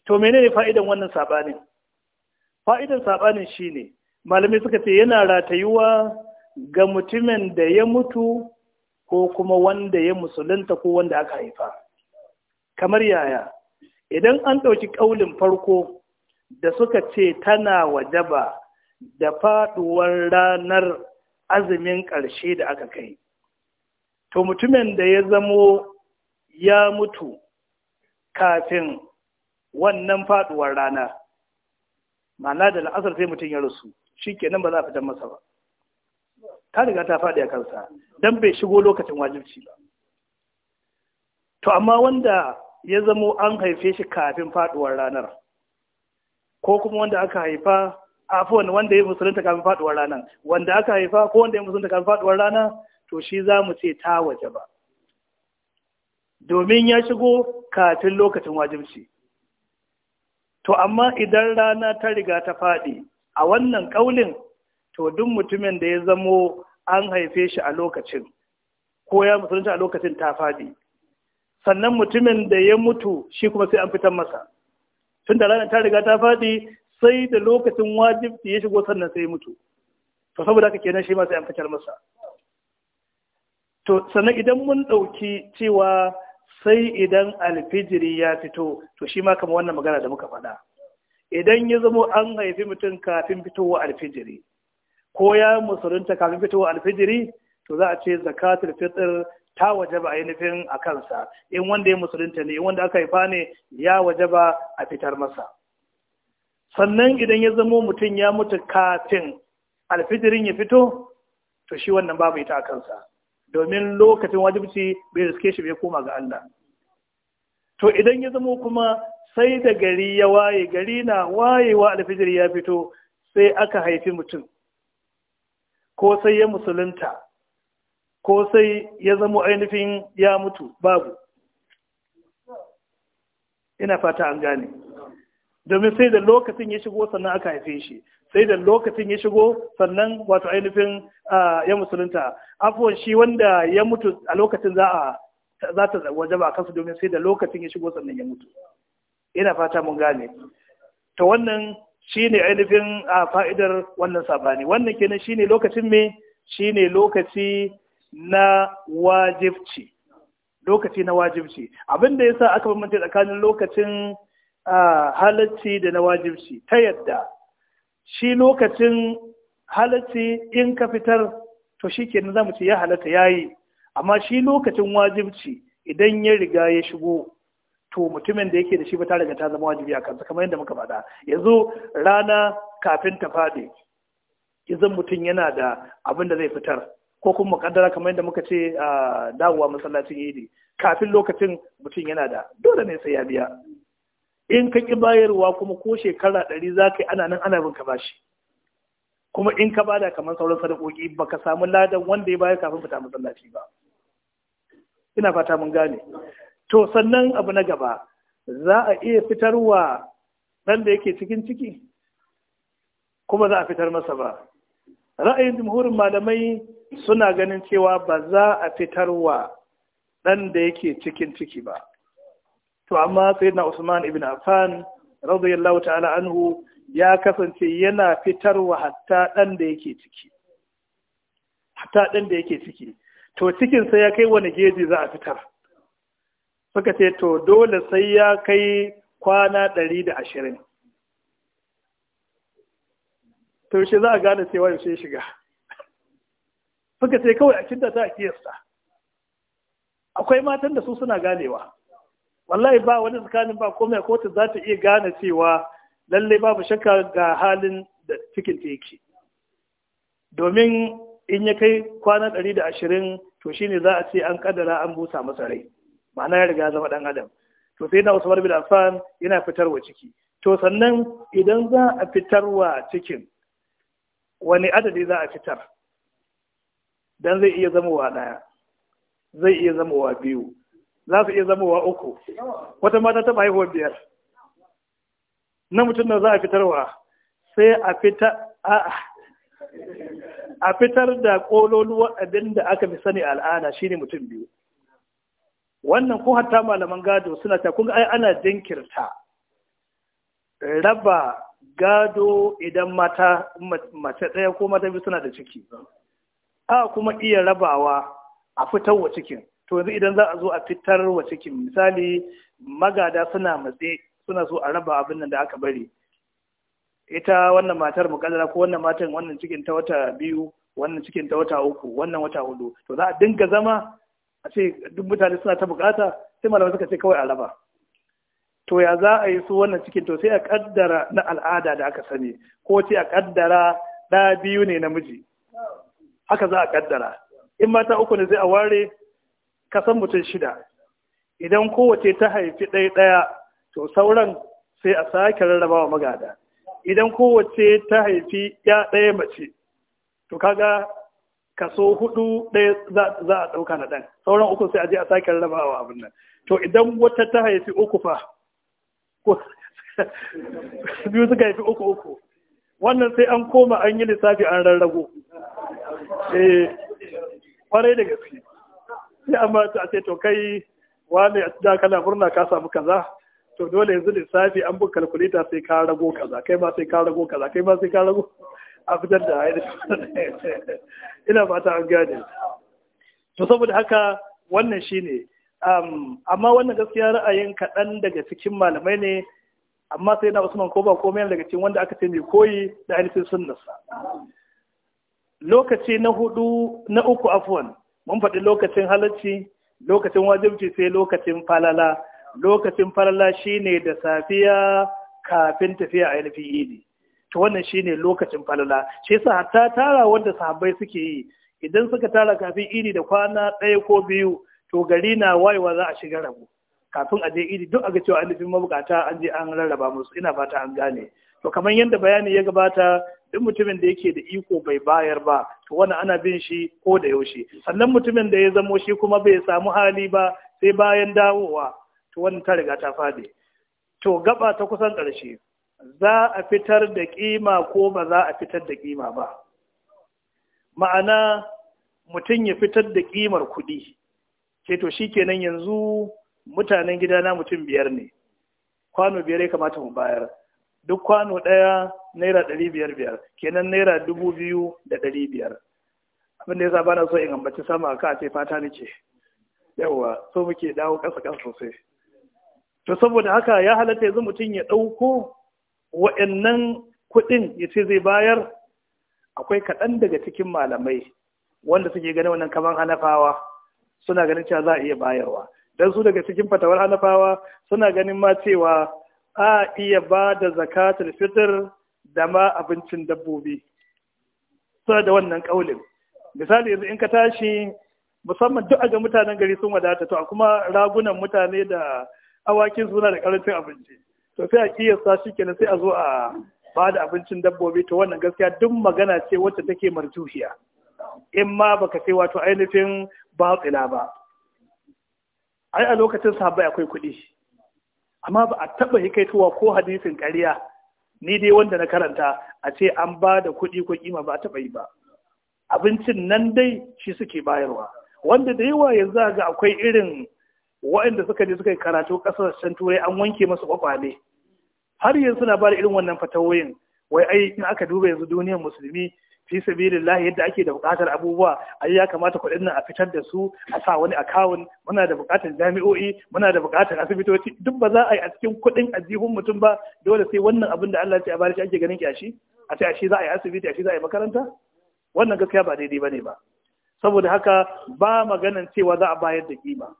Speaker 1: to mene ne fa'idan wannan saɓanin fa'idan saɓanin shi ne, malamai suka ce yana ratayuwa ga mutumin da ya mutu ko kuma wanda ya musulunta ko wanda aka haifa kamar yaya idan an ɗauki ƙaulin farko da suka ce tana wajaba da faɗuwar ranar azumin ƙarshe da aka kai to mutumin da ya zamo ya mutu kafin wannan faduwar rana ma'ana da la'asar sai mutum ya rasu shi kenan ba za a fitar masa ba ta riga ta faɗi a kansa don bai shigo lokacin wajibci ba to amma wanda ya zamo an haife shi kafin faduwar ranar ko kuma wanda aka haifa afuwan wanda ya musulunta kafin faduwar ranar wanda aka haifa ko wanda ya musulunta kafin faduwar rana to shi za mu ce ta waje ba domin ya shigo kafin lokacin wajibci to amma idan rana ta riga ta faɗi a wannan ƙaunin to duk mutumin da ya zamo an haife shi a lokacin ko ya musulunci a lokacin ta faɗi sannan mutumin da ya mutu shi kuma sai an fitar masa tun da ranar ta riga ta faɗi sai da lokacin wajibci ya shigo sannan sai mutu to saboda haka kenan shi ma sai an fitar masa to sannan idan mun ɗauki cewa sai idan alfijiri ya fito to shi ma kama wannan magana da muka faɗa idan ya zama an haifi mutum kafin fitowa alfijiri ko ya musulunta kafin fitowa alfijiri to za a ce zakatul fitr ta wajaba ba a kansa in wanda ya musulunta ne in wanda aka haifa ne ya wajaba a fitar masa sannan idan ya zamo mutum ya mutu kafin alfijirin ya fito to shi wannan babu ita a kansa domin lokacin wajibci bai riske shi bai koma ga Allah to idan ya zama kuma sai da gari ya waye gari na wayewa alfijir ya fito sai aka haifi mutum ko sai ya musulunta ko sai ya zama ainihin ya mutu babu ina fata an gane domin sai da lokacin ya shigo sannan aka haife shi sai da lokacin ya shigo sannan wato ainihin ya musulunta afuwan shi wanda ya mutu a lokacin za a za ta waje ba kansu domin sai da lokacin ya shigo sannan ya mutu ina fata mun gane to wannan shine ainihin a fa'idar wannan sabani wannan kenan shine lokacin me shine lokaci na wajibci lokaci na wajibci abin da ya sa aka bambanta tsakanin lokacin halacci da na wajibci ta yadda shi lokacin halatti in ka fitar to shi ke za mu ce ya halarta ya yi amma shi lokacin wajibci idan ya riga ya shigo to mutumin da yake da shi ba ta riga ta zama wajibi a kansa kamar yadda muka faɗa yanzu rana kafin ta faɗi idan mutum yana da abin da zai fitar ko kuma kaddara kamar yadda muka ce a ah, dawowa masallacin idi kafin lokacin mutum yana da dole ne sai ya biya in ka ƙi bayarwa kuma ko shekara ɗari za ka yi ana nan ana bin ka bashi kuma in ka bada kamar sauran sadakoki ka samu ladan wanda ya bayar kafin fita masallaci ba ina fata mun gane to sannan abu na gaba za a iya fitarwa ɗan da yake cikin ciki kuma za a fitar masa ba ra'ayin jumhurin malamai suna ganin cewa ba za a fitarwa ɗan da yake cikin ciki ba to amma sayyidina Usman ibn Affan radiyallahu ta'ala anhu ya kasance yana fitarwa hatta dan da yake ciki hatta dan da yake ciki to cikin sa ya kai wani geji za a fitar suka ce to dole sai ya kai kwana 120 to shi za a gane cewa sai shiga suka ce kawai a cinta ta a kiyasta akwai matan da su suna ganewa wallahi ba wani tsakanin ba komai ko kotu za ta iya gane cewa lallai babu shakka ga halin da cikin ta domin in ya kai kwana ɗari da ashirin to shine za a ce an kaddara an busa masa rai ma'ana ya riga zama ɗan adam to sai na usman bin affan yana fitarwa ciki to sannan idan za a fitarwa cikin wani adadi za a fitar dan zai iya zama wa ɗaya zai iya zama wa biyu za su iya zamowa uku wata mata ta haihuwa biyar na mutum da za a fitarwa sai a fitar da kololuwa abin da aka fi sani al'ada ne mutum biyu wannan ko hatta malaman gado suna ta kun ai ana jinkirta raba gado idan mata mace ɗaya ko mata biyu suna da ciki a kuma iya rabawa a fitarwa cikin to yanzu idan za a zo a fitar wa cikin misali magada suna matse suna so a raba abin nan da aka bari ita wannan matar mukaddara ko wannan matan wannan cikin ta wata biyu wannan cikin ta wata uku wannan wata hudu to za a dinga zama a ce duk mutane suna ta bukata sai malamai suka ce kawai a raba to ya za a yi su wannan cikin to sai a kaddara na al'ada da aka sani ko sai a kaddara da biyu ne namiji haka za a kaddara in mata uku ne sai a ware ka san mutum shida idan kowace ta haifi ɗaya ɗaya to sauran sai a sake rarraba wa magada idan kowace ta haifi ya ɗaya mace to kaga kaso hudu ɗaya za a ɗauka na ɗan sauran uku sai a je a sake rarraba wa abin nan to idan wata ta haifi uku fa biyu suka haifi uku uku wannan sai an koma an yi lissafi an rarrago eh kwarai da gaske sai amma ta ce to kai wani da kana murna ka samu kaza to dole yanzu lissafi an bin kalkulita sai ka rago kaza kai ma sai ka rago kaza kai ma sai ka rago a fitar da haini ina fata an gane to saboda haka wannan shine amma wannan gaskiya ra'ayin kaɗan daga cikin malamai ne amma sai na usman ko ba komai daga cikin wanda aka ce mai koyi da ainihin sunnarsa lokaci na hudu na uku afuwan. mun faɗi lokacin halarci lokacin wajibci sai lokacin falala lokacin falala shine da safiya kafin tafiya a ainihin idi to wannan shine lokacin falala shi yasa hatta tara wanda sahabbai suke yi idan suka tara kafin iri da kwana ɗaya ko biyu to gari na wayewa za a shiga rabu kafin a je iri, duk a ga cewa an nufin mabukata an je an rarraba musu ina fata an gane to kamar yadda bayani ya gabata duk mutumin da yake da iko bai bayar ba to wani ana bin shi ko da yaushe sannan mutumin da ya zamo shi kuma bai samu hali ba sai bayan dawowa to wani ta riga ta faɗi. to gaba ta kusan ƙarshe za a fitar da kima ko ba za a fitar da kima ba ma'ana mutum ya fitar da kimar kuɗi Ke to kenan yanzu mutanen gidana mutum biyar ne kwano biyar ya kamata mu bayar duk kwano ɗaya naira ɗari biyar biyar kenan naira dubu biyu da ɗari biyar abin da ya sa ba na so in ambaci sama ka a ce fata ni ce. yawwa so muke dawo ƙasa ƙasa sosai to saboda haka ya halatta yanzu mutum ya ɗauko wa'annan kuɗin ya ce zai bayar akwai kaɗan daga cikin malamai wanda suke ganin wannan kaman hanafawa suna ganin cewa za a iya bayarwa don su daga cikin fatawar hanafawa suna ganin ma cewa a iya ba da zakatul fitr da ma abincin dabbobi sai da wannan kaulin misali yanzu in ka tashi musamman duk ga mutanen gari sun wadata to kuma ragunan mutane da awakin suna da karancin abinci to sai a kiyasta shi kenan sai a zo a ba da abincin dabbobi to wannan gaskiya duk magana ce wacce take marjuhiya in ma baka sai wato ainihin batsila ba ai a lokacin sahabbai akwai kuɗi amma ba a taɓa tuwa ko hadisin ƙarya ni dai wanda na karanta a ce an ba da kuɗi ko kima ba a taɓa yi ba abincin nan dai shi suke bayarwa wanda da yawa yanzu a ga akwai irin waɗanda suka je suka yi karatu ƙasashen turai an wanke masu kwakwale har yanzu suna ba da irin wannan fatawoyin wai ai in aka duba yanzu duniyar musulmi fi sabilillahi yadda ake da bukatar abubuwa ai ya kamata kuɗin nan a fitar da su a sa wani akawun muna da bukatar jami'o'i muna da bukatar asibitoci duk ba za a yi a cikin kuɗin ajihun mutum ba dole sai wannan abin da Allah ya ce a bari shi ake ganin kyashi a ce a shi za a yi asibiti a shi za a yi makaranta wannan gaskiya ba daidai bane ba saboda haka ba maganan cewa za a bayar da kima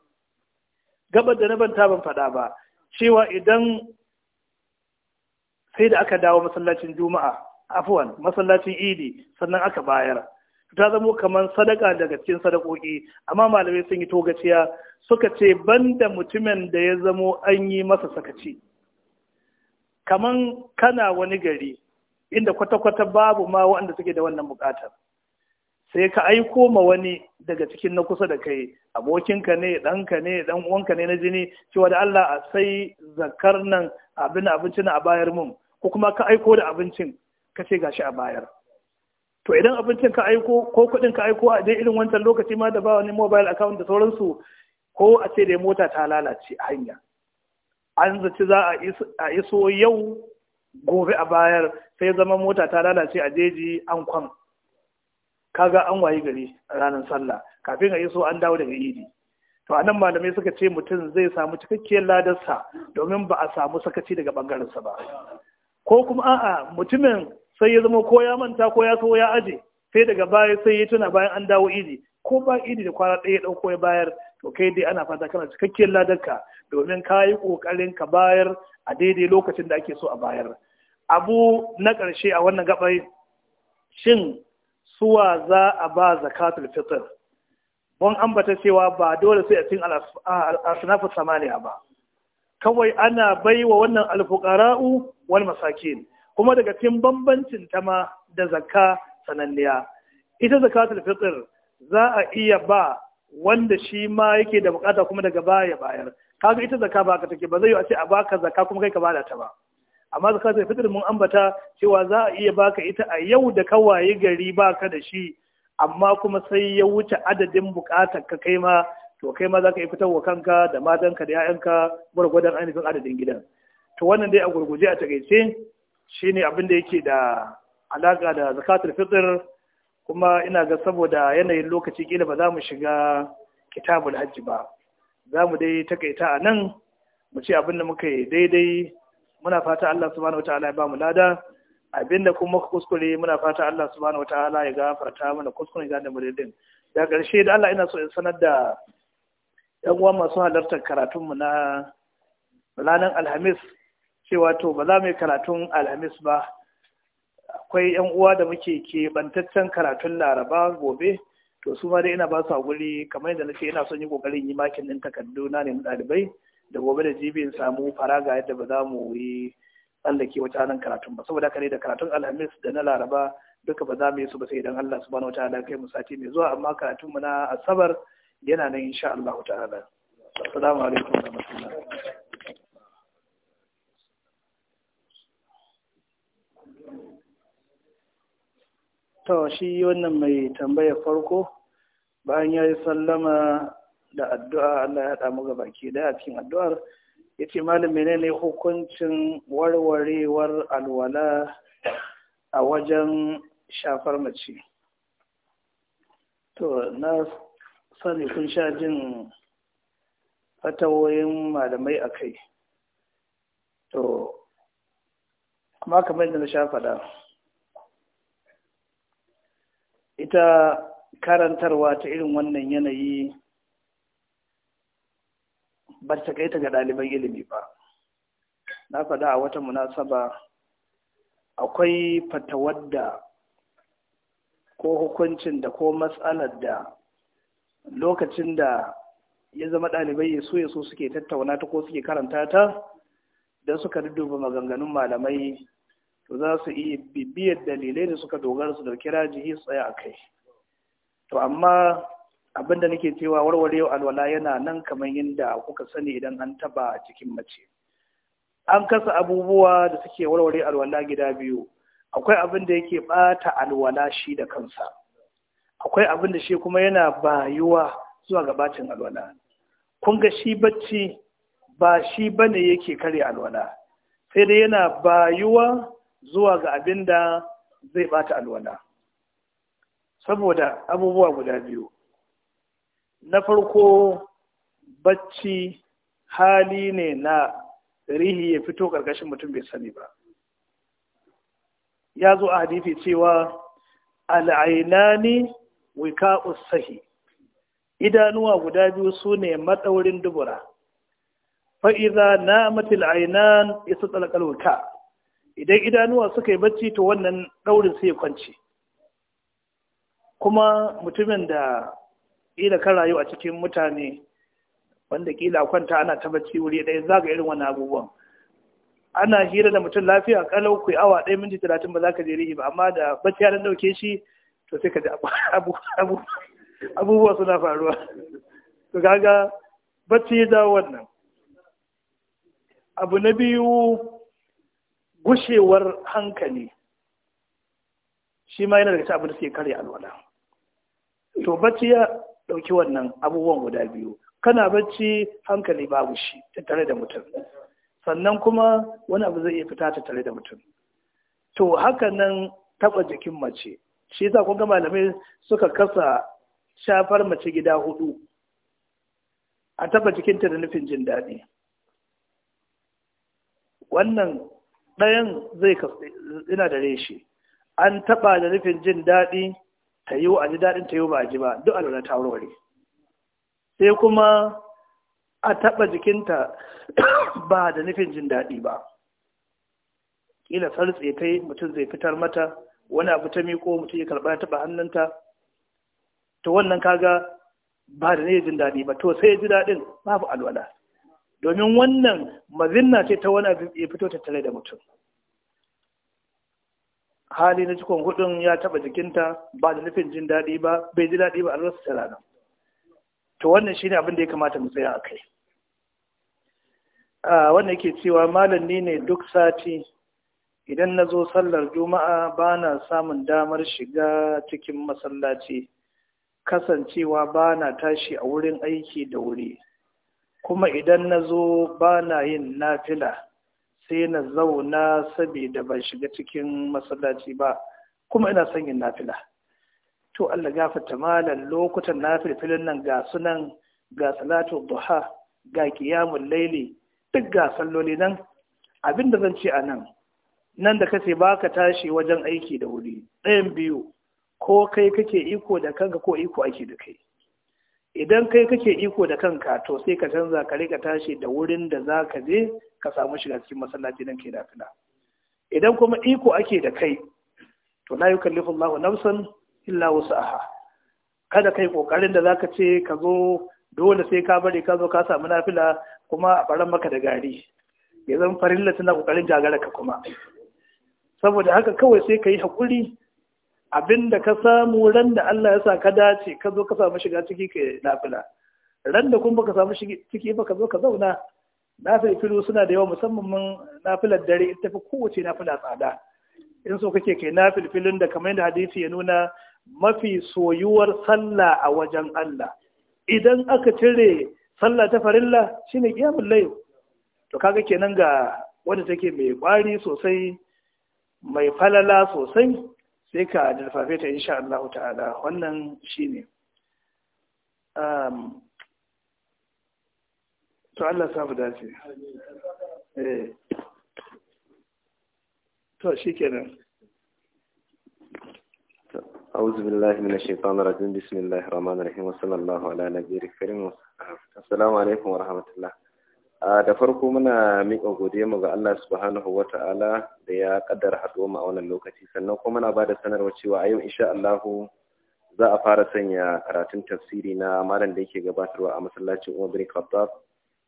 Speaker 1: gabar da na banta ban faɗa ba cewa idan sai da aka dawo masallacin juma'a afuwan masallacin idi sannan aka bayar ta zamo kamar sadaka daga cikin sadakoki amma malamai sun yi togaciya suka ce banda mutumin da ya zamo an yi masa sakaci kaman kana wani gari inda kwata-kwata babu ma waɗanda suke da wannan buƙatar sai ka aiko ma wani daga cikin na kusa da kai abokinka ne ɗanka ne ɗan uwanka ne na jini cewa da Allah a sai zakar nan abin abincin a bayar mun ko kuma ka aiko da abincin ka ce gashi a bayar to idan abincin ka aiko ko kuɗin ka aiko a dai irin wancan lokaci ma da ba wani mobile account da sauransu ko a ce dai mota ta lalace a hanya an zaci za a iso yau gobe a bayar sai zama mota ta lalace a jeji an kwan kaga an wayi gari ranar sallah kafin a iso an dawo daga idi to anan malamai suka ce mutum zai samu cikakkiyar ladarsa domin ba a samu sakaci daga bangarensa ba ko kuma a'a mutumin sai ya zama ko ya manta ko ya so ya aje sai daga baya sai ya tuna bayan an dawo idi ko ba idi da kwana ɗaya ɗauko ya bayar to kai dai ana fata kana cikakkiyar ladarka domin ka yi ƙoƙarin ka bayar a daidai lokacin da ake so a bayar abu na ƙarshe a wannan gabai shin suwa za a ba zakatul fitr mun ambata cewa ba dole sai a cikin asnafu samaniya ba kawai ana baiwa wannan alfukara'u wal masakin kuma daga cikin bambancin ta ma da zakka sananniya ita zakatul fitr za a iya ba wanda shi ma yake da bukata kuma daga baya bayar kaga ita zakka ba ka take ba zai yi a ce a baka zakka kuma kai ka bada ta ba amma zakatul fitr mun ambata cewa za a iya baka ita a yau da kawaye gari baka da shi amma kuma sai ya wuce adadin bukatar ka kai ma to kai ma za ka yi fitarwa kanka da matanka da 'ya'yanka gwargwadon ainihin adadin gidan to wannan dai a gurguje a takaice shine abin da yake da alaƙa da zakatul fitr kuma ina ga saboda yanayin lokaci kila ba za mu shiga kitabul hajji ba za mu dai takaita a nan mu ce abin da muka yi daidai muna fata Allah subhanahu ta'ala ya ba mu lada abinda kuma kuskure muna fata Allah subhanahu ya gafarta mana kuskuren da mu daidai da ƙarshe da Allah ina so in sanar da yan uwa masu halartar karatunmu na ranar alhamis cewa to ba za mu yi karatun alhamis ba akwai yan uwa da muke ke bantaccen karatun laraba gobe to su ma dai ina ba su haƙuri kamar yadda ce ina son yi ƙoƙarin yi makin ɗin takardu na ne ɗalibai da gobe da jibi in samu faraga yadda ba za mu yi tsallake wata nan karatun ba saboda kare da karatun alhamis da na laraba duka ba za mu yi su ba sai idan Allah subhanahu ta'ala kai mu sati mai zuwa amma karatun mu na asabar yana nan insha Allah ta'ala assalamu alaikum wa rahmatullahi to shi wannan mai tambaya farko bayan ya yi sallama da addu'a Allah ya damu ga baki da a cikin addu'ar ya malam menene hukuncin warwarewar alwala a wajen shafar mace to na sani kun sha jin fatawoyin malamai a kai to amma kamar da na sha faɗa ita karantarwa ta irin wannan yanayi ba ta kai ta ga ɗaliban ilimi ba na faɗa a wata munasaba akwai fatawar da ko hukuncin da ko matsalar da lokacin da ya zama ɗalibai ya so ya so suke tattauna ta ko suke karanta ta don suka duba maganganun malamai to za su iya bibiyar dalilai da suka dogara su da kira jihi tsaya a kai to amma abin da nake cewa warwarewa alwala yana nan kamar yadda kuka sani idan an taba cikin mace an kasa abubuwa da suke warware alwala gida biyu akwai abin da yake bata alwala shi da kansa akwai abin da shi kuma yana bayuwa zuwa gabacin alwala kun ga shi bacci ba shi bane yake kare alwala sai dai yana bayuwa zuwa ga abin da zai bata alwala saboda abubuwa guda biyu na farko bacci hali ne na rihi ya fito ƙarƙashin mutum bai sani ba ya zo a hadifi cewa al'ainani wika usahi. idanuwa guda biyu su ne matsaurin dubura fa'iza na matil ainan isa tsalakal wika idan idanuwa suka yi bacci to wannan ɗaurin sai kwance. kuma mutumin da ƙila kan rayu a cikin mutane wanda ƙila kwanta ana ta bacci wuri ɗaya za ga irin wani abubuwan ana hira da mutum lafiya kalau ku awa ɗaya minti talatin ba za ka je rihi ba amma da bacci ya dauke shi to sai ka ji abubuwa suna faruwa to kaga bacci ya dawo wannan abu na biyu gushewar hankali shi ma yana da shi abu da suke karya alwala to bacci ya dauki wannan abubuwan guda biyu kana bacci hankali babu shi tattare da mutum sannan kuma wani abu zai iya fita tattare da mutum to hakan nan taba jikin mace shi yasa kun ga malamai suka kasa shafar mace gida hudu a taba jikinta da nufin jin daɗi wannan ɗayan zai ina da reshe an taba da nufin jin daɗi ta yi a ji daɗin ta yi ba a ji ba duk a ta warware sai kuma a taba jikinta ba da nufin jin daɗi ba ƙila sartse ta yi mutum zai fitar mata wani abu ta miko mutum ya karɓa taɓa hannunta to wannan kaga ba da ne jin daɗi ba to sai ji daɗin babu alwala domin wannan mazinna ce ta wani abu ya fito tattare da mutum hali na cikon hudun ya taɓa jikinta ba da nufin jin daɗi ba bai ji daɗi ba alwala ta rana to wannan shine abin da ya kamata mu tsaya a kai ah, wannan yake cewa malam ni ne duk sati idan na zo sallar juma'a ba na samun damar shiga cikin masallaci kasancewa ba na tashi a wurin aiki da wuri kuma idan na zo ba na yin nafila sai na zauna saboda ban shiga cikin masallaci ba kuma ina son yin nafila to Allah gafarta malam lokutan nafilfilin nan ga sunan ga salatu duha ga qiyamul laili duk ga salloli nan abinda zan ce a nan nan da kace ba ka tashi wajen aiki da wuri ɗayan biyu ko kai kake iko da kanka ko iko ake da kai idan kai kake iko da kanka to sai ka canza ka rika tashi da wurin da za ka je ka samu shiga cikin masallaci nan ke da fila idan kuma iko ake da kai to la yukallifu Allahu nafsan illa wus'aha kada kai kokarin da za ka ce ka zo dole sai ka bari ka zo ka samu nafila kuma a faran maka da gari ya zan farilla tana kokarin jagara ka kuma saboda haka kawai sai ka yi haƙuri abinda ka samu ran da Allah ya sa ka dace ka zo ka samu shiga ciki ka lafila, ran da kuma ka samu ciki ba ka zo ka zauna nafil filu suna da yawa musamman mun nafilar dare ita fi kowace nafila tsada in so kake kai nafil filin da kamar yadda hadisi ya nuna mafi soyuwar sallah a wajen Allah idan aka cire sallah ta farilla shine kiyamul layl to kaga kenan ga wanda take mai kwari sosai mai falala sosai sai ka jirfafe ta insha Allah ta'ala wannan shi ne. to Allah sabu dace To shi kenan.
Speaker 2: أعوذ بالله من الشيطان الرجيم بسم الله الرحمن الرحيم وصلى الله على نبينا محمد السلام عليكم ورحمة الله a da farko muna miƙa godiya mu ga Allah subhanahu wa ta'ala da ya kaddara haɗuwa mu a wannan lokaci sannan kuma muna ba da sanarwa cewa a yau insha Allah za a fara sanya karatun tafsiri na malam da yake gabatarwa a masallacin Umar bin Khattab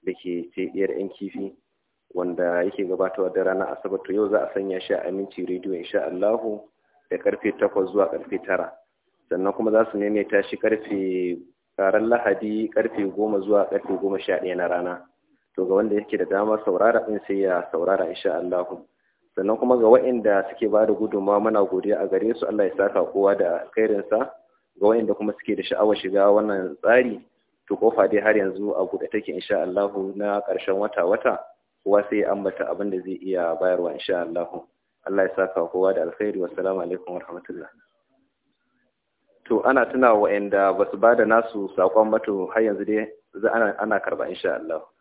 Speaker 2: da ke Tediyar Yan Kifi wanda yake gabatarwa da ranar Asabar to yau za a sanya shi a Aminci Radio insha Allah da karfe 8 zuwa karfe 9 sannan kuma za su maimaita tashi karfe karan Lahadi karfe 10 zuwa karfe 11 na rana to ga wanda yake da damar saurara in sai ya saurara insha Allah sannan kuma ga waɗanda suke ba da gudunmawa muna godiya a gare su Allah ya saka kowa da sa ga waɗanda kuma suke da sha'awar shiga wannan tsari to kofa dai har yanzu a buɗe take insha Allah na ƙarshen wata-wata kowa sai ya ambata abin da zai iya bayarwa insha Allah Allah ya saka kowa da alkhairi assalamu alaikum rahmatullah. to ana tuna waɗanda ba su ba da nasu saƙon mato har yanzu dai ana karɓa insha Allah